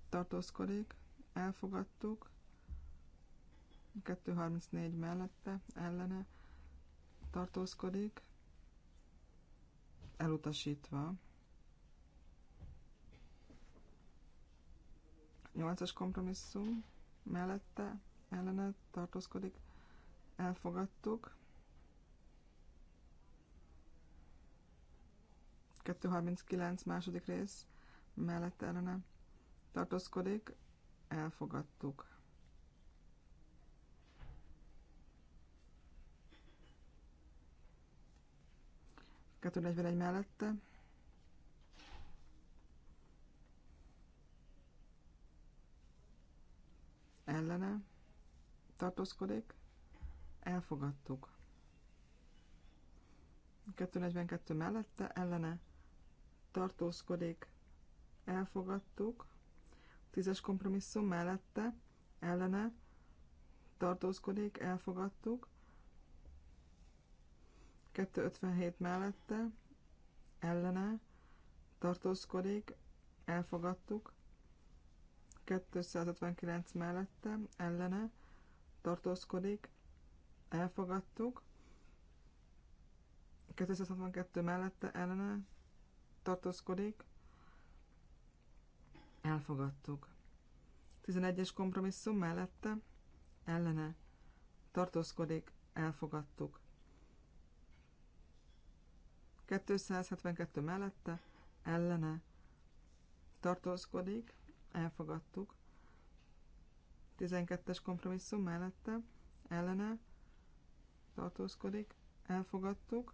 tartózkodik, elfogadtuk, 234 mellette ellene tartózkodik, elutasítva. 8-as kompromisszum mellette ellene tartózkodik, elfogadtuk. 239 második rész mellette ellene tartózkodik, elfogadtuk. egy mellette. Ellene tartózkodik, elfogadtuk. 242 mellette, ellene tartózkodik, elfogadtuk. Tízes kompromisszum mellette, ellene, tartózkodik, elfogadtuk. 257 mellette, ellene, tartózkodik, elfogadtuk. 259 mellette, ellene, tartózkodik, elfogadtuk. 262 mellette, ellene, tartózkodik, elfogadtuk. 11-es kompromisszum mellette, ellene, tartózkodik, elfogadtuk. 272 mellette, ellene, tartózkodik, elfogadtuk. 12-es kompromisszum mellette, ellene, tartózkodik, elfogadtuk.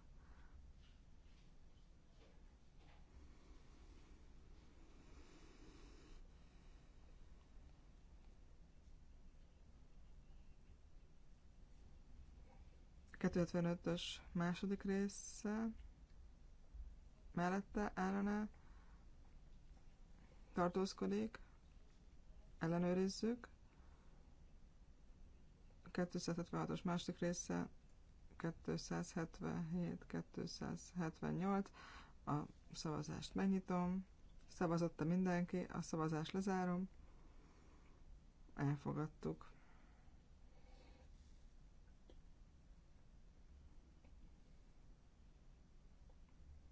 255-ös második része mellette állana tartózkodik, ellenőrizzük. A 276-os második része 277-278 a szavazást megnyitom. Szavazotta mindenki, a szavazást lezárom. Elfogadtuk.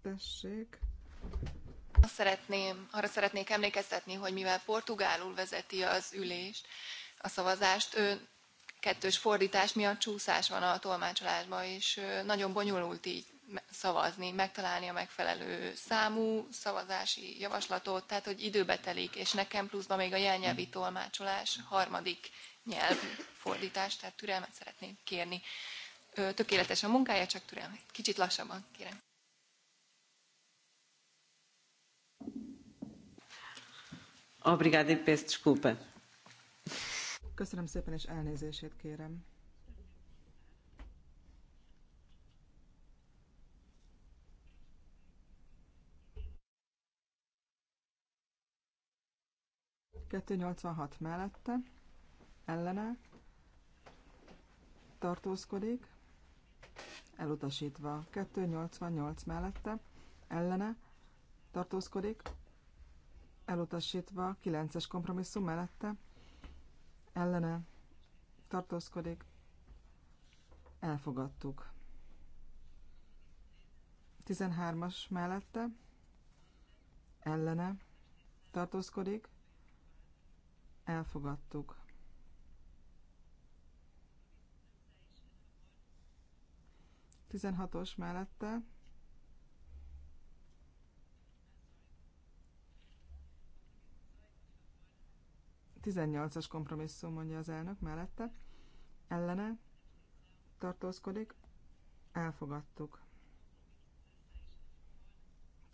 Tessék. Azt szeretném, arra szeretnék emlékeztetni, hogy mivel portugálul vezeti az ülést, a szavazást, ő kettős fordítás miatt csúszás van a tolmácsolásban, és nagyon bonyolult így szavazni, megtalálni a megfelelő számú szavazási javaslatot, tehát hogy időbe telik, és nekem pluszban még a jelnyelvi tolmácsolás harmadik nyelvfordítás, tehát türelmet szeretném kérni. Tökéletes a munkája, csak türelmet. Kicsit lassabban, kérem. Obrigada e peço desculpa. Köszönöm szépen, és elnézését kérem. Kettő nyolcvanhat mellette, ellene, tartózkodik, elutasítva. mellette, ellene, tartózkodik, elutasítva, kilences kompromisszum mellette, ellene tartózkodik, elfogadtuk. 13-as mellette, ellene tartózkodik, elfogadtuk. Tizenhatos mellette 18-as kompromisszum, mondja az elnök mellette. Ellene tartózkodik, elfogadtuk.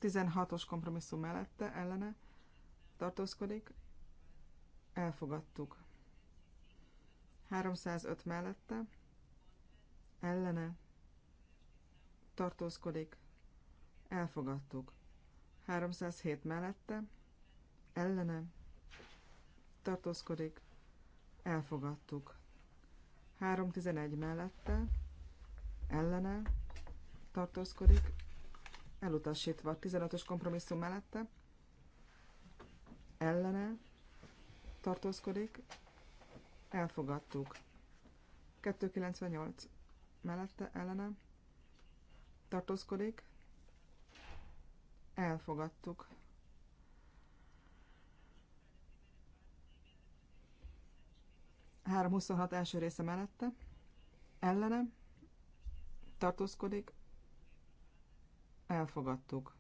16-os kompromisszum mellette, ellene tartózkodik, elfogadtuk. 305 mellette, ellene tartózkodik, elfogadtuk. 307 mellette, ellene tartózkodik, elfogadtuk. 3.11 mellette, ellene, tartózkodik, elutasítva. 15-ös kompromisszum mellette, ellene, tartózkodik, elfogadtuk. 298 mellette, ellene, tartózkodik, elfogadtuk. 326 első része mellette, ellene, tartózkodik, elfogadtuk.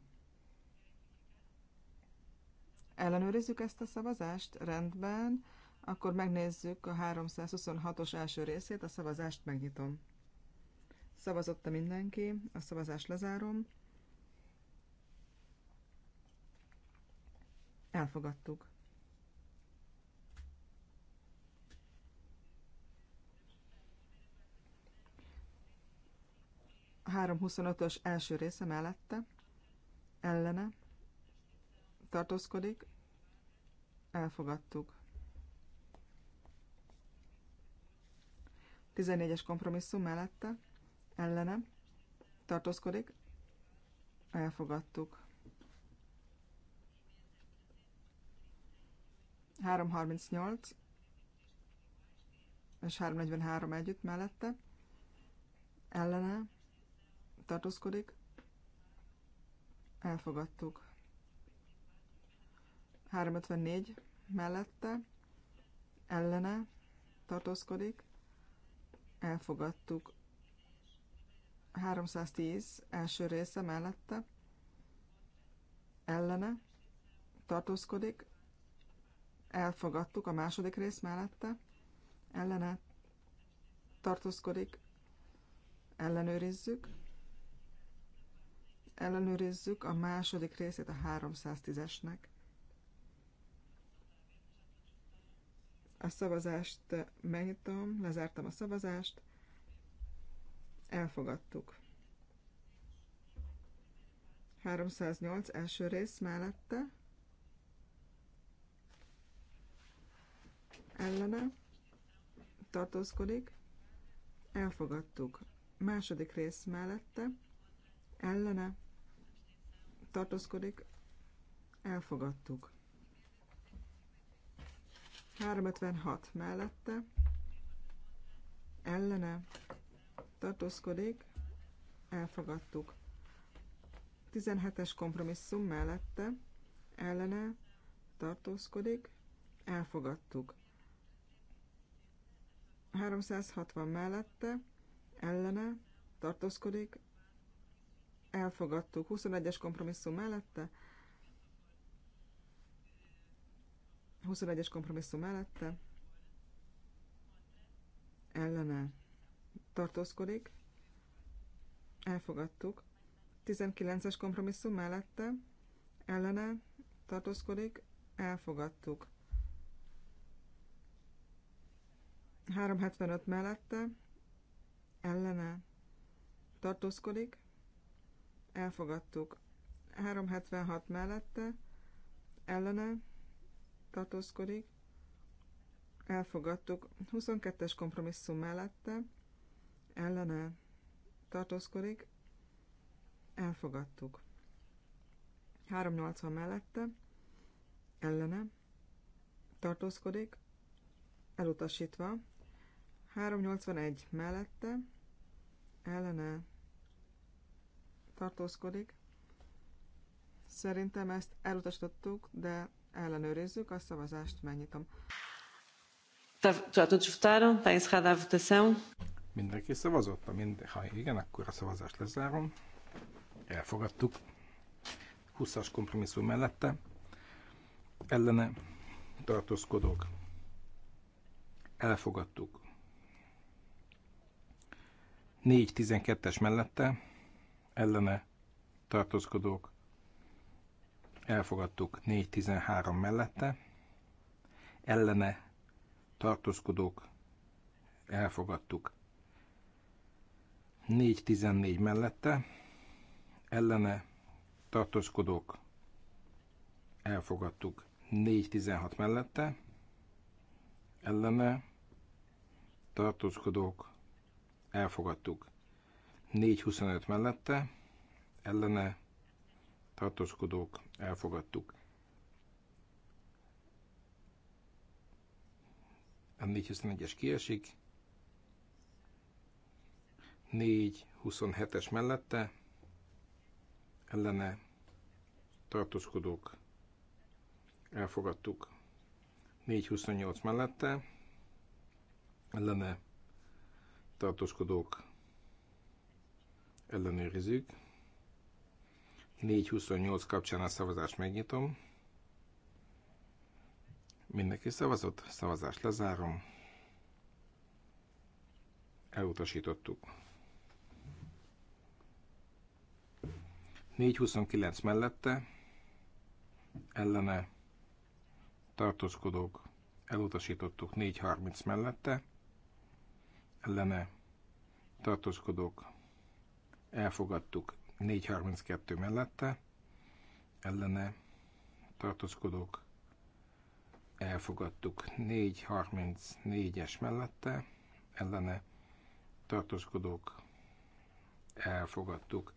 Ellenőrizzük ezt a szavazást? Rendben. Akkor megnézzük a 326-os első részét, a szavazást megnyitom. Szavazotta mindenki, a szavazást lezárom. Elfogadtuk. 325-ös első része mellette, ellene, tartózkodik, elfogadtuk. 14-es kompromisszum mellette, ellene, tartózkodik, elfogadtuk. 338 és 343 együtt mellette, ellene, tartózkodik, elfogadtuk. 354 mellette, ellene tartózkodik, elfogadtuk. 310 első része mellette, ellene tartózkodik, elfogadtuk a második rész mellette, ellene tartózkodik, ellenőrizzük ellenőrizzük a második részét a 310-esnek. A szavazást megnyitom, lezártam a szavazást, elfogadtuk. 308 első rész mellette, ellene, tartózkodik, elfogadtuk. Második rész mellette, ellene, tartózkodik, elfogadtuk. 356 mellette, ellene, tartózkodik, elfogadtuk. 17-es kompromisszum mellette, ellene, tartózkodik, elfogadtuk. 360 mellette, ellene, tartózkodik, elfogadtuk. 21-es kompromisszum mellette, 21-es kompromisszum mellette, ellene tartózkodik, elfogadtuk. 19-es kompromisszum mellette, ellene tartózkodik, elfogadtuk. 375 mellette, ellene tartózkodik, elfogadtuk. 376 mellette, ellene tartózkodik, elfogadtuk. 22-es kompromisszum mellette, ellene tartózkodik, elfogadtuk. 380 mellette, ellene tartózkodik, elutasítva. 381 mellette, ellene tartózkodik. Szerintem ezt elutasítottuk, de ellenőrizzük a szavazást, megnyitom. a Mindenki szavazott? Ha, mind, ha igen, akkor a szavazást lezárom. Elfogadtuk. 20-as kompromisszum mellette. Ellene tartózkodók. Elfogadtuk. 4-12-es mellette ellene tartózkodók elfogadtuk 4.13 mellette, ellene tartózkodók elfogadtuk 4.14 mellette, ellene tartózkodók elfogadtuk 4.16 mellette, ellene tartózkodók elfogadtuk 4.25 mellette, ellene tartózkodók elfogadtuk. A 4.21-es kiesik, 4.27-es mellette, ellene tartózkodók elfogadtuk. 4.28 mellette, ellene tartózkodók elfogadtuk ellenőrizzük. 4.28 kapcsán a szavazást megnyitom. Mindenki szavazott, szavazást lezárom. Elutasítottuk. 4.29 mellette, ellene, tartózkodók, elutasítottuk 4.30 mellette, ellene, tartózkodók, elfogadtuk 432 mellette, ellene tartózkodók, elfogadtuk 434-es mellette, ellene tartózkodók, elfogadtuk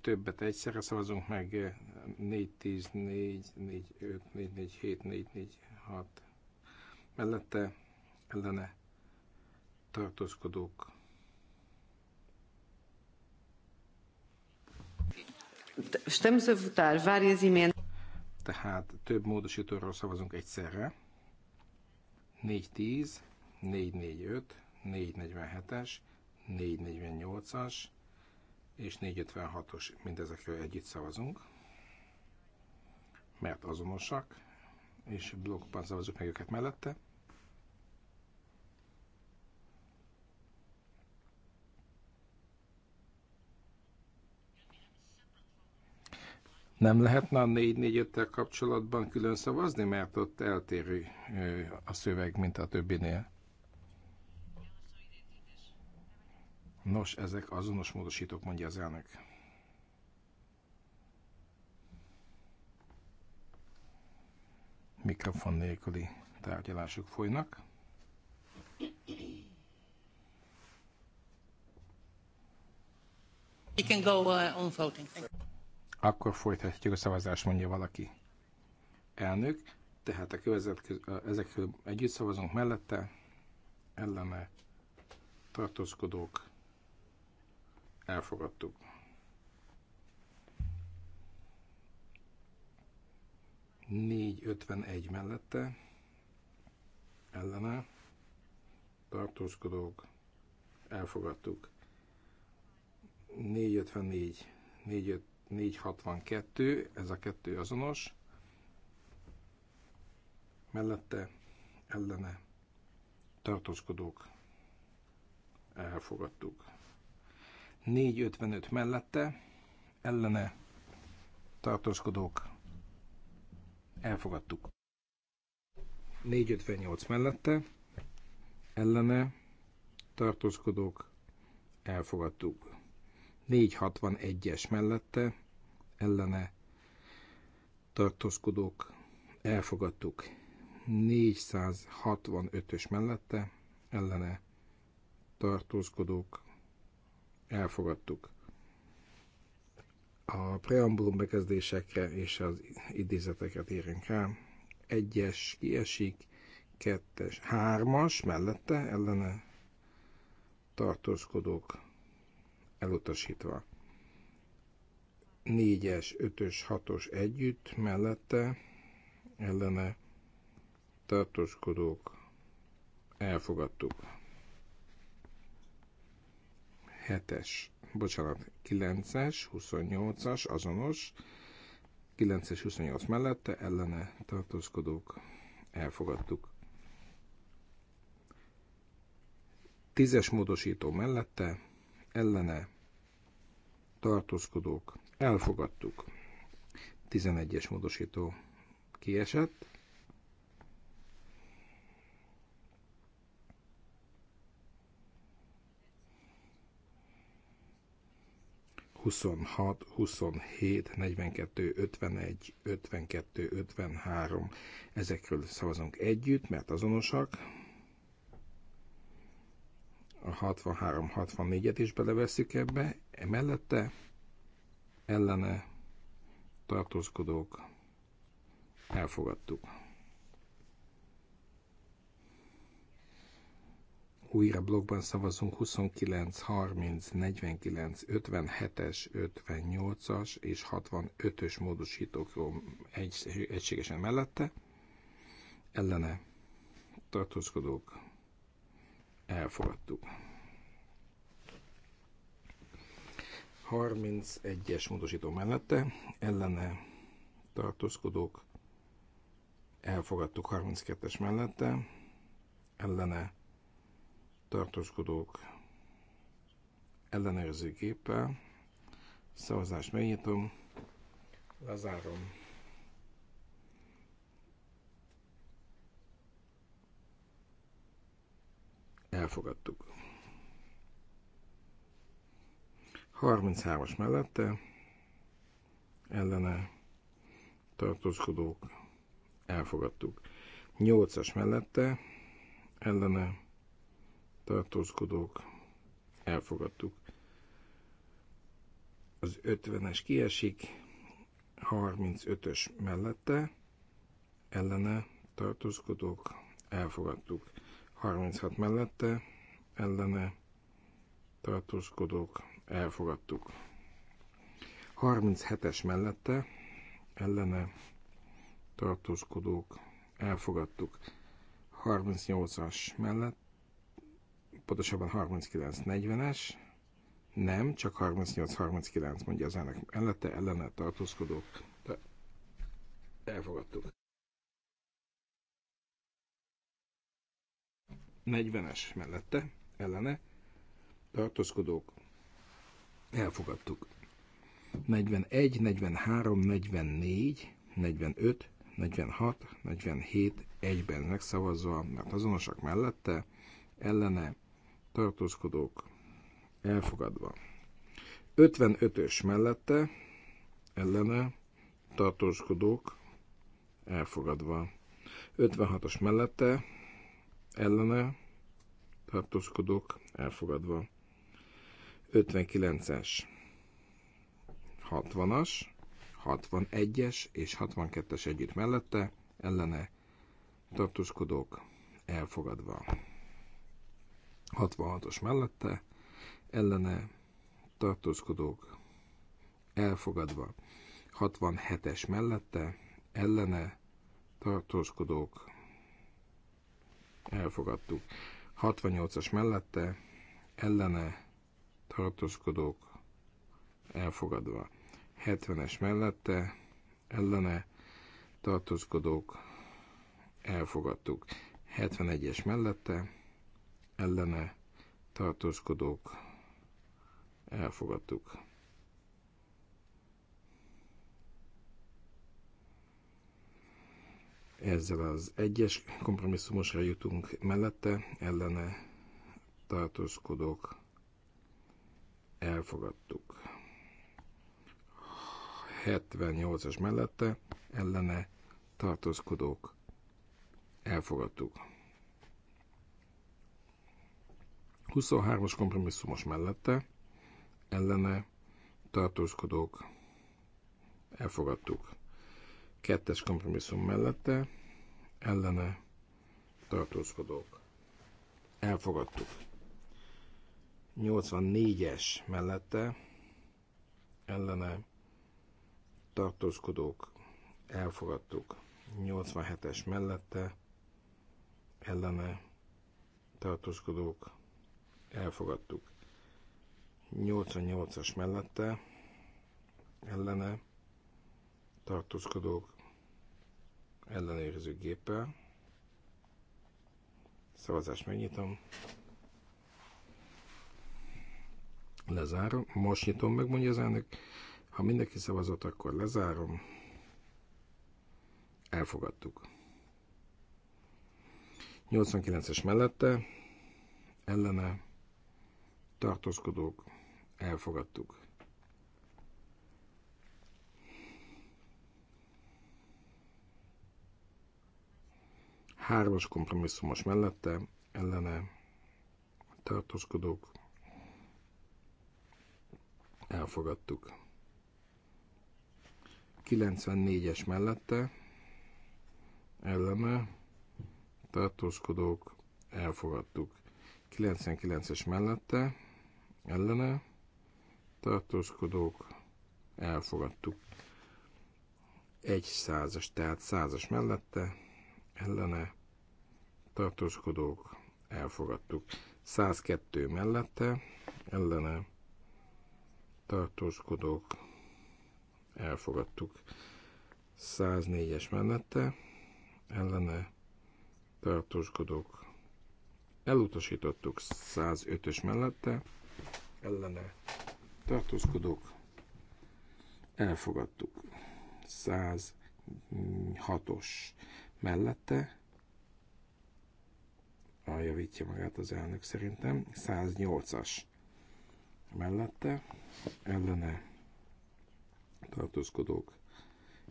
többet egyszerre szavazunk meg 4, 10, 4, 4, 5, 4, 4, 7, 4, 4, 6 mellette ellene tartózkodók. Tehát több módosítóról szavazunk egyszerre. 410, 445, 447-es, 448-as és 456-os, mindezekről együtt szavazunk, mert azonosak, és blokkban szavazunk meg őket mellette. Nem lehetne a 4-4-5-tel kapcsolatban külön szavazni, mert ott eltérő a szöveg, mint a többinél. Nos, ezek azonos módosítók, mondja az elnök. Mikrofon nélküli tárgyalások folynak. You can go uh, on voting. Thank you. Akkor folytatjuk a szavazást, mondja valaki. Elnök, tehát a következő, ezekről együtt szavazunk mellette, ellene tartózkodók elfogadtuk. Négy ötvenegy mellette, ellene tartózkodók elfogadtuk. 454, 45 462, ez a kettő azonos, mellette ellene tartózkodók elfogadtuk. 455 mellette ellene tartózkodók elfogadtuk. 458 mellette ellene tartózkodók elfogadtuk. 461-es mellette ellene tartózkodók elfogadtuk 465-ös mellette ellene tartózkodók elfogadtuk. A preambulum bekezdésekre és az idézeteket érünk rá. Egyes kiesik, kettes, hármas mellette ellene tartózkodók elutasítva. 4-es, 5-ös, 6-os együtt, mellette, ellene, tartózkodók, elfogadtuk. 7-es, bocsánat, 9-es, 28-as, azonos, 9-es, 28 mellette, ellene, tartózkodók, elfogadtuk. 10-es módosító mellette, ellene, tartózkodók, elfogadtuk. 11-es módosító kiesett. Huszonhat, huszonhét, negyvenkettő, ötvenegy, ötvenkettő, ötvenhárom. Ezekről szavazunk együtt, mert azonosak a 63-64-et is beleveszik ebbe, emellette ellene tartózkodók elfogadtuk. Újra blogban szavazunk 29, 30, 49, 57-es, 58-as és 65-ös módosítókról egységesen mellette. Ellene tartózkodók Elfogadtuk. 31-es módosító mellette, ellene tartózkodók, elfogadtuk 32-es mellette, ellene tartózkodók, ellenőrző géppel, szavazást megnyitom, lezárom. Elfogadtuk. 33-as mellette ellene tartózkodók elfogadtuk. 8-as mellette ellene tartózkodók elfogadtuk. Az 50-es kiesik, 35-ös mellette ellene tartózkodók elfogadtuk. 36 mellette, ellene tartózkodók elfogadtuk. 37-es mellette, ellene tartózkodók elfogadtuk. 38-as mellett, pontosabban 39-40-es, nem, csak 38-39 mondja az ennek mellette, ellene tartózkodók elfogadtuk. 40-es mellette, ellene, tartózkodók, elfogadtuk. 41, 43, 44, 45, 46, 47 egyben megszavazva, mert azonosak mellette, ellene, tartózkodók, elfogadva. 55-ös mellette, ellene, tartózkodók, elfogadva. 56-os mellette, ellene tartózkodok, elfogadva. 59-es, 60-as, 61-es és 62-es együtt mellette ellene tartózkodok, elfogadva. 66-os mellette ellene tartózkodok, elfogadva. 67-es mellette ellene tartózkodók elfogadtuk. 68-as mellette, ellene tartózkodók elfogadva. 70-es mellette, ellene tartózkodók elfogadtuk. 71-es mellette, ellene tartózkodók elfogadtuk. Ezzel az egyes kompromisszumosra jutunk mellette, ellene tartózkodók elfogadtuk. 78-as mellette ellene tartózkodók elfogadtuk. 23-as kompromisszumos mellette ellene tartózkodók elfogadtuk. Kettes kompromisszum mellette ellene tartózkodók. Elfogadtuk. 84-es mellette ellene tartózkodók. Elfogadtuk. 87-es mellette ellene tartózkodók. Elfogadtuk. 88-as mellette ellene tartózkodók ellenőrző géppel. Szavazást megnyitom. Lezárom. Most nyitom meg, mondja az elnök. Ha mindenki szavazott, akkor lezárom. Elfogadtuk. 89-es mellette, ellene, tartózkodók, elfogadtuk. Hármas kompromisszumos mellette, ellene tartózkodók, elfogadtuk. 94-es mellette, ellene tartózkodók, elfogadtuk. 99-es mellette, ellene tartózkodók, elfogadtuk. 100 százas, tehát százas mellette, ellene tartózkodók elfogadtuk. 102 mellette ellene tartózkodók elfogadtuk. 104-es mellette ellene tartózkodók elutasítottuk 105-ös mellette ellene tartózkodók elfogadtuk 106-os mellette, javítja magát az elnök szerintem, 108-as mellette, ellene tartózkodók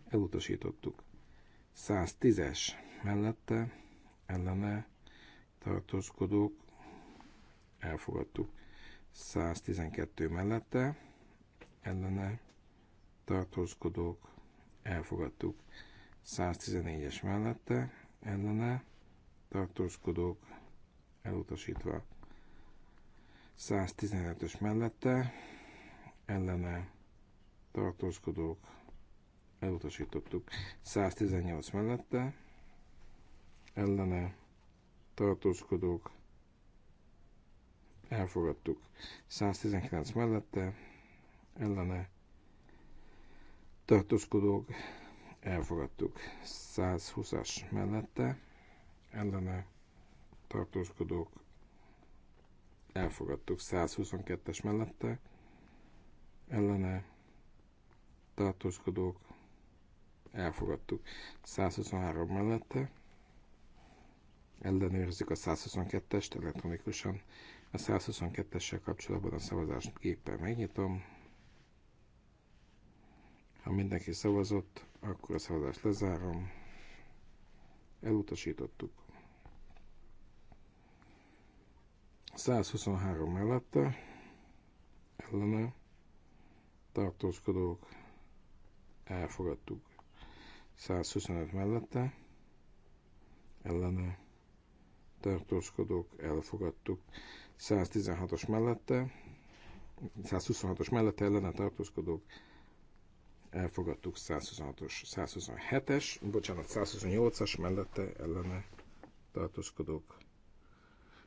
elutasítottuk. 110-es mellette, ellene tartózkodók elfogadtuk. 112 mellette, ellene tartózkodók elfogadtuk. 114-es mellette, ellene, tartózkodók elutasítva. 115-ös mellette, ellene, tartózkodók elutasítottuk. 118 mellette, ellene, tartózkodók elfogadtuk. 119 mellette, ellene, tartózkodók elfogadtuk. 120-as mellette ellene tartózkodók elfogadtuk. 122-es mellette ellene tartózkodók elfogadtuk. 123 mellette ellenőrzik a 122-est elektronikusan. A 122-essel kapcsolatban a szavazást géppel megnyitom. Ha mindenki szavazott, akkor a szavazást lezárom. Elutasítottuk. 123 mellette, ellene, tartózkodók, elfogadtuk. 125 mellette, ellene, tartózkodók, elfogadtuk. 116-os mellette, 126-os mellette ellene tartózkodók, elfogadtuk 126-os, 127-es, bocsánat, 128-as mellette ellene tartózkodók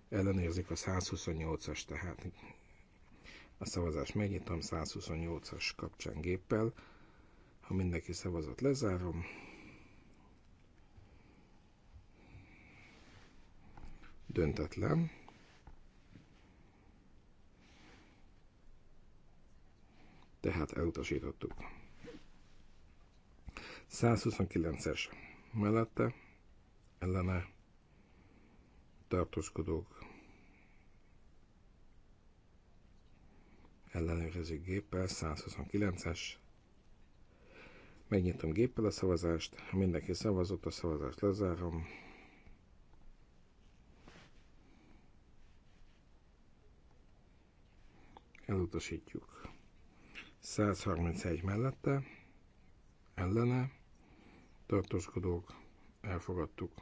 ellenérzik a 128-as, tehát a szavazást megnyitom 128-as kapcsán géppel. Ha mindenki szavazott, lezárom. Döntetlen. Tehát elutasítottuk. 129-es mellette ellene tartózkodók ellenőrzik géppel, 129-es. Megnyitom géppel a szavazást, ha mindenki szavazott, a szavazást lezárom. Elutasítjuk. 131 mellette ellene, tartózkodók, elfogadtuk.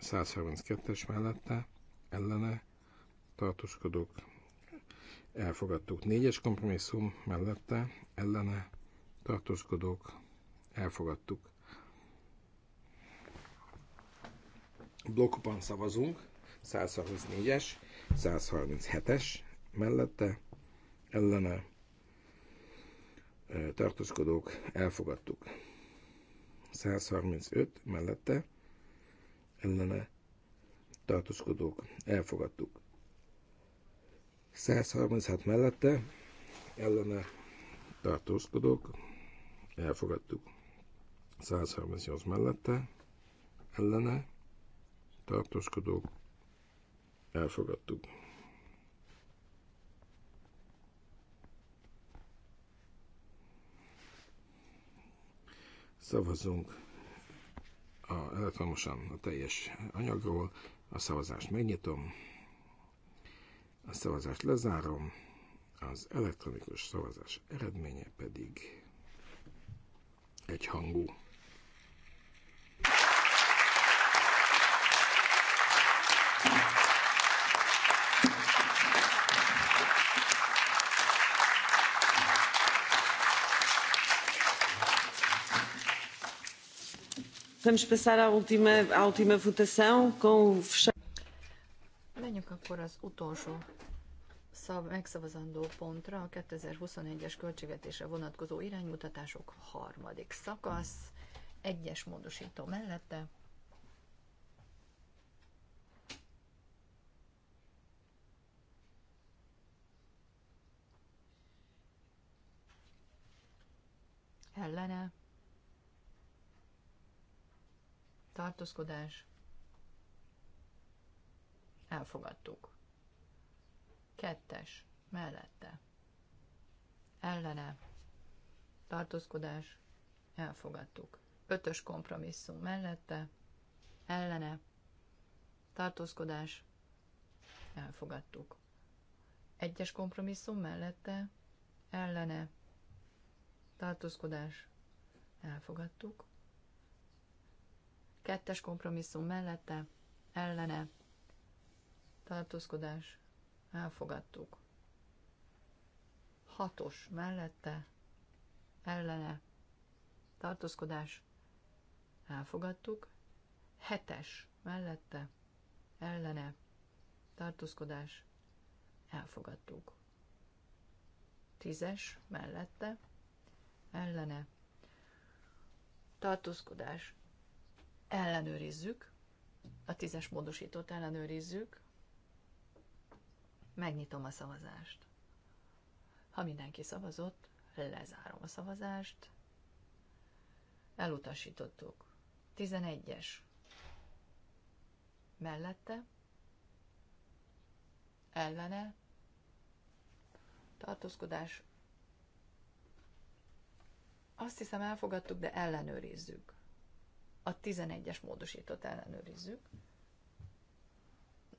132-es mellette, ellene, tartózkodók, elfogadtuk. 4-es kompromisszum mellette, ellene, tartózkodók, elfogadtuk. Blokkban szavazunk, 134-es, 137-es mellette, ellene, tartózkodók elfogadtuk. 135 mellette ellene tartózkodók elfogadtuk. 136 mellette ellene tartózkodók elfogadtuk. 138 mellette ellene tartózkodók elfogadtuk. Szavazunk a, elektromosan a teljes anyagról. A szavazást megnyitom. A szavazást lezárom. Az elektronikus szavazás eredménye pedig egy hangú. Vamos passar à última, à última votação com o Menjünk akkor az utolsó szav, megszavazandó pontra, a 2021-es költségvetésre vonatkozó iránymutatások harmadik szakasz, egyes módosító mellette. Ellene. tartózkodás, elfogadtuk. Kettes, mellette, ellene, tartózkodás, elfogadtuk. Ötös kompromisszum mellette, ellene, tartózkodás, elfogadtuk. Egyes kompromisszum mellette, ellene, tartózkodás, elfogadtuk. Kettes kompromisszum mellette, ellene, tartózkodás, elfogadtuk. Hatos mellette, ellene, tartózkodás, elfogadtuk. Hetes mellette, ellene, tartózkodás, elfogadtuk. Tízes mellette, ellene, tartózkodás, ellenőrizzük, a tízes módosítót ellenőrizzük, megnyitom a szavazást. Ha mindenki szavazott, lezárom a szavazást, elutasítottuk. 11-es mellette, ellene, tartózkodás. Azt hiszem elfogadtuk, de ellenőrizzük. A 11-es módosított ellenőrizzük.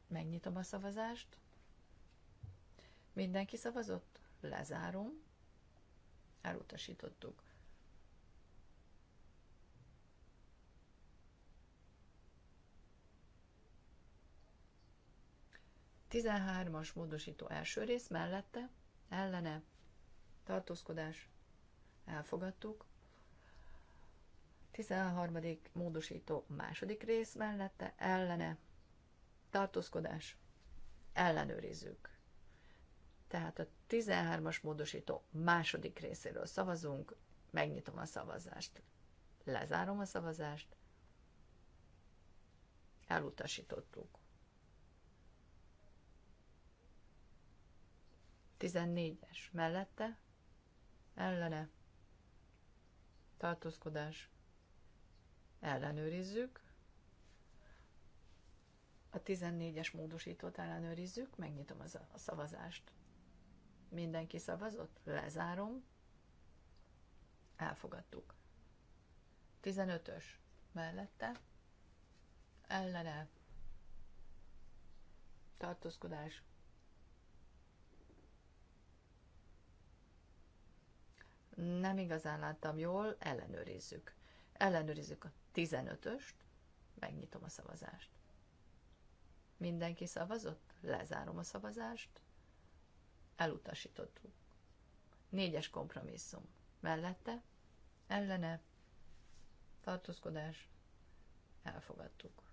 Megnyitom a szavazást. Mindenki szavazott? Lezárom. Elutasítottuk. Tizenhármas módosító első rész mellette, ellene, tartózkodás, elfogadtuk. 13. módosító második rész mellette ellene tartózkodás ellenőrizzük. Tehát a 13-as módosító második részéről szavazunk, megnyitom a szavazást, lezárom a szavazást, elutasítottuk. 14-es mellette, ellene, tartózkodás, ellenőrizzük. A 14-es módosítót ellenőrizzük, megnyitom az a szavazást. Mindenki szavazott, lezárom, elfogadtuk. 15-ös mellette, ellene, tartózkodás, nem igazán láttam jól, ellenőrizzük. Ellenőrizzük a 15-öst, megnyitom a szavazást. Mindenki szavazott? Lezárom a szavazást. Elutasítottuk. Négyes kompromisszum. Mellette, ellene, tartózkodás, elfogadtuk.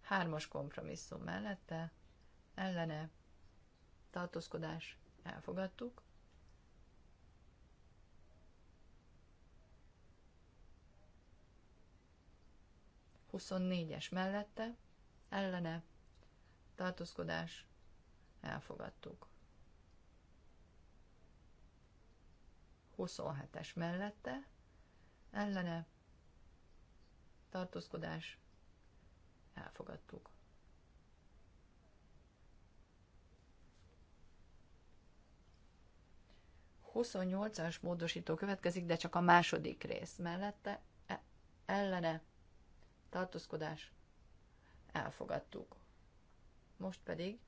Hármas kompromisszum mellette, ellene, tartózkodás, elfogadtuk. 24-es mellette, ellene, tartózkodás, elfogadtuk. 27-es mellette, ellene, tartózkodás, elfogadtuk. Huszonnyolcas módosító következik, de csak a második rész mellette, e- ellene, tartózkodás, elfogadtuk. Most pedig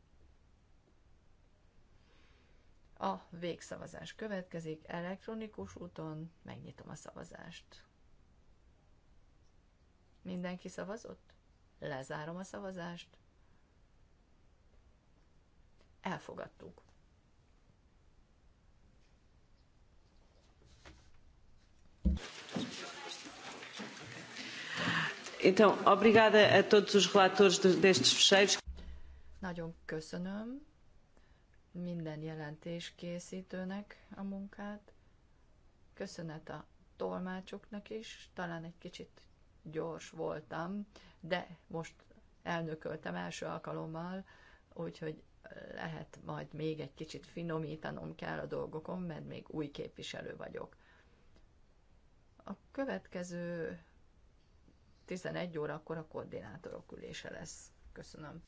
a végszavazás következik elektronikus úton, megnyitom a szavazást. Mindenki szavazott? Lezárom a szavazást. Elfogadtuk. Então, obrigada a todos os relatores destes fecheiros. Nagyon köszönöm minden jelentés készítőnek a munkát. Köszönet a tolmácsoknak is, talán egy kicsit gyors voltam, de most elnököltem első alkalommal, úgyhogy lehet majd még egy kicsit finomítanom kell a dolgokon, mert még új képviselő vagyok. A következő 11 órakor a koordinátorok ülése lesz. Köszönöm.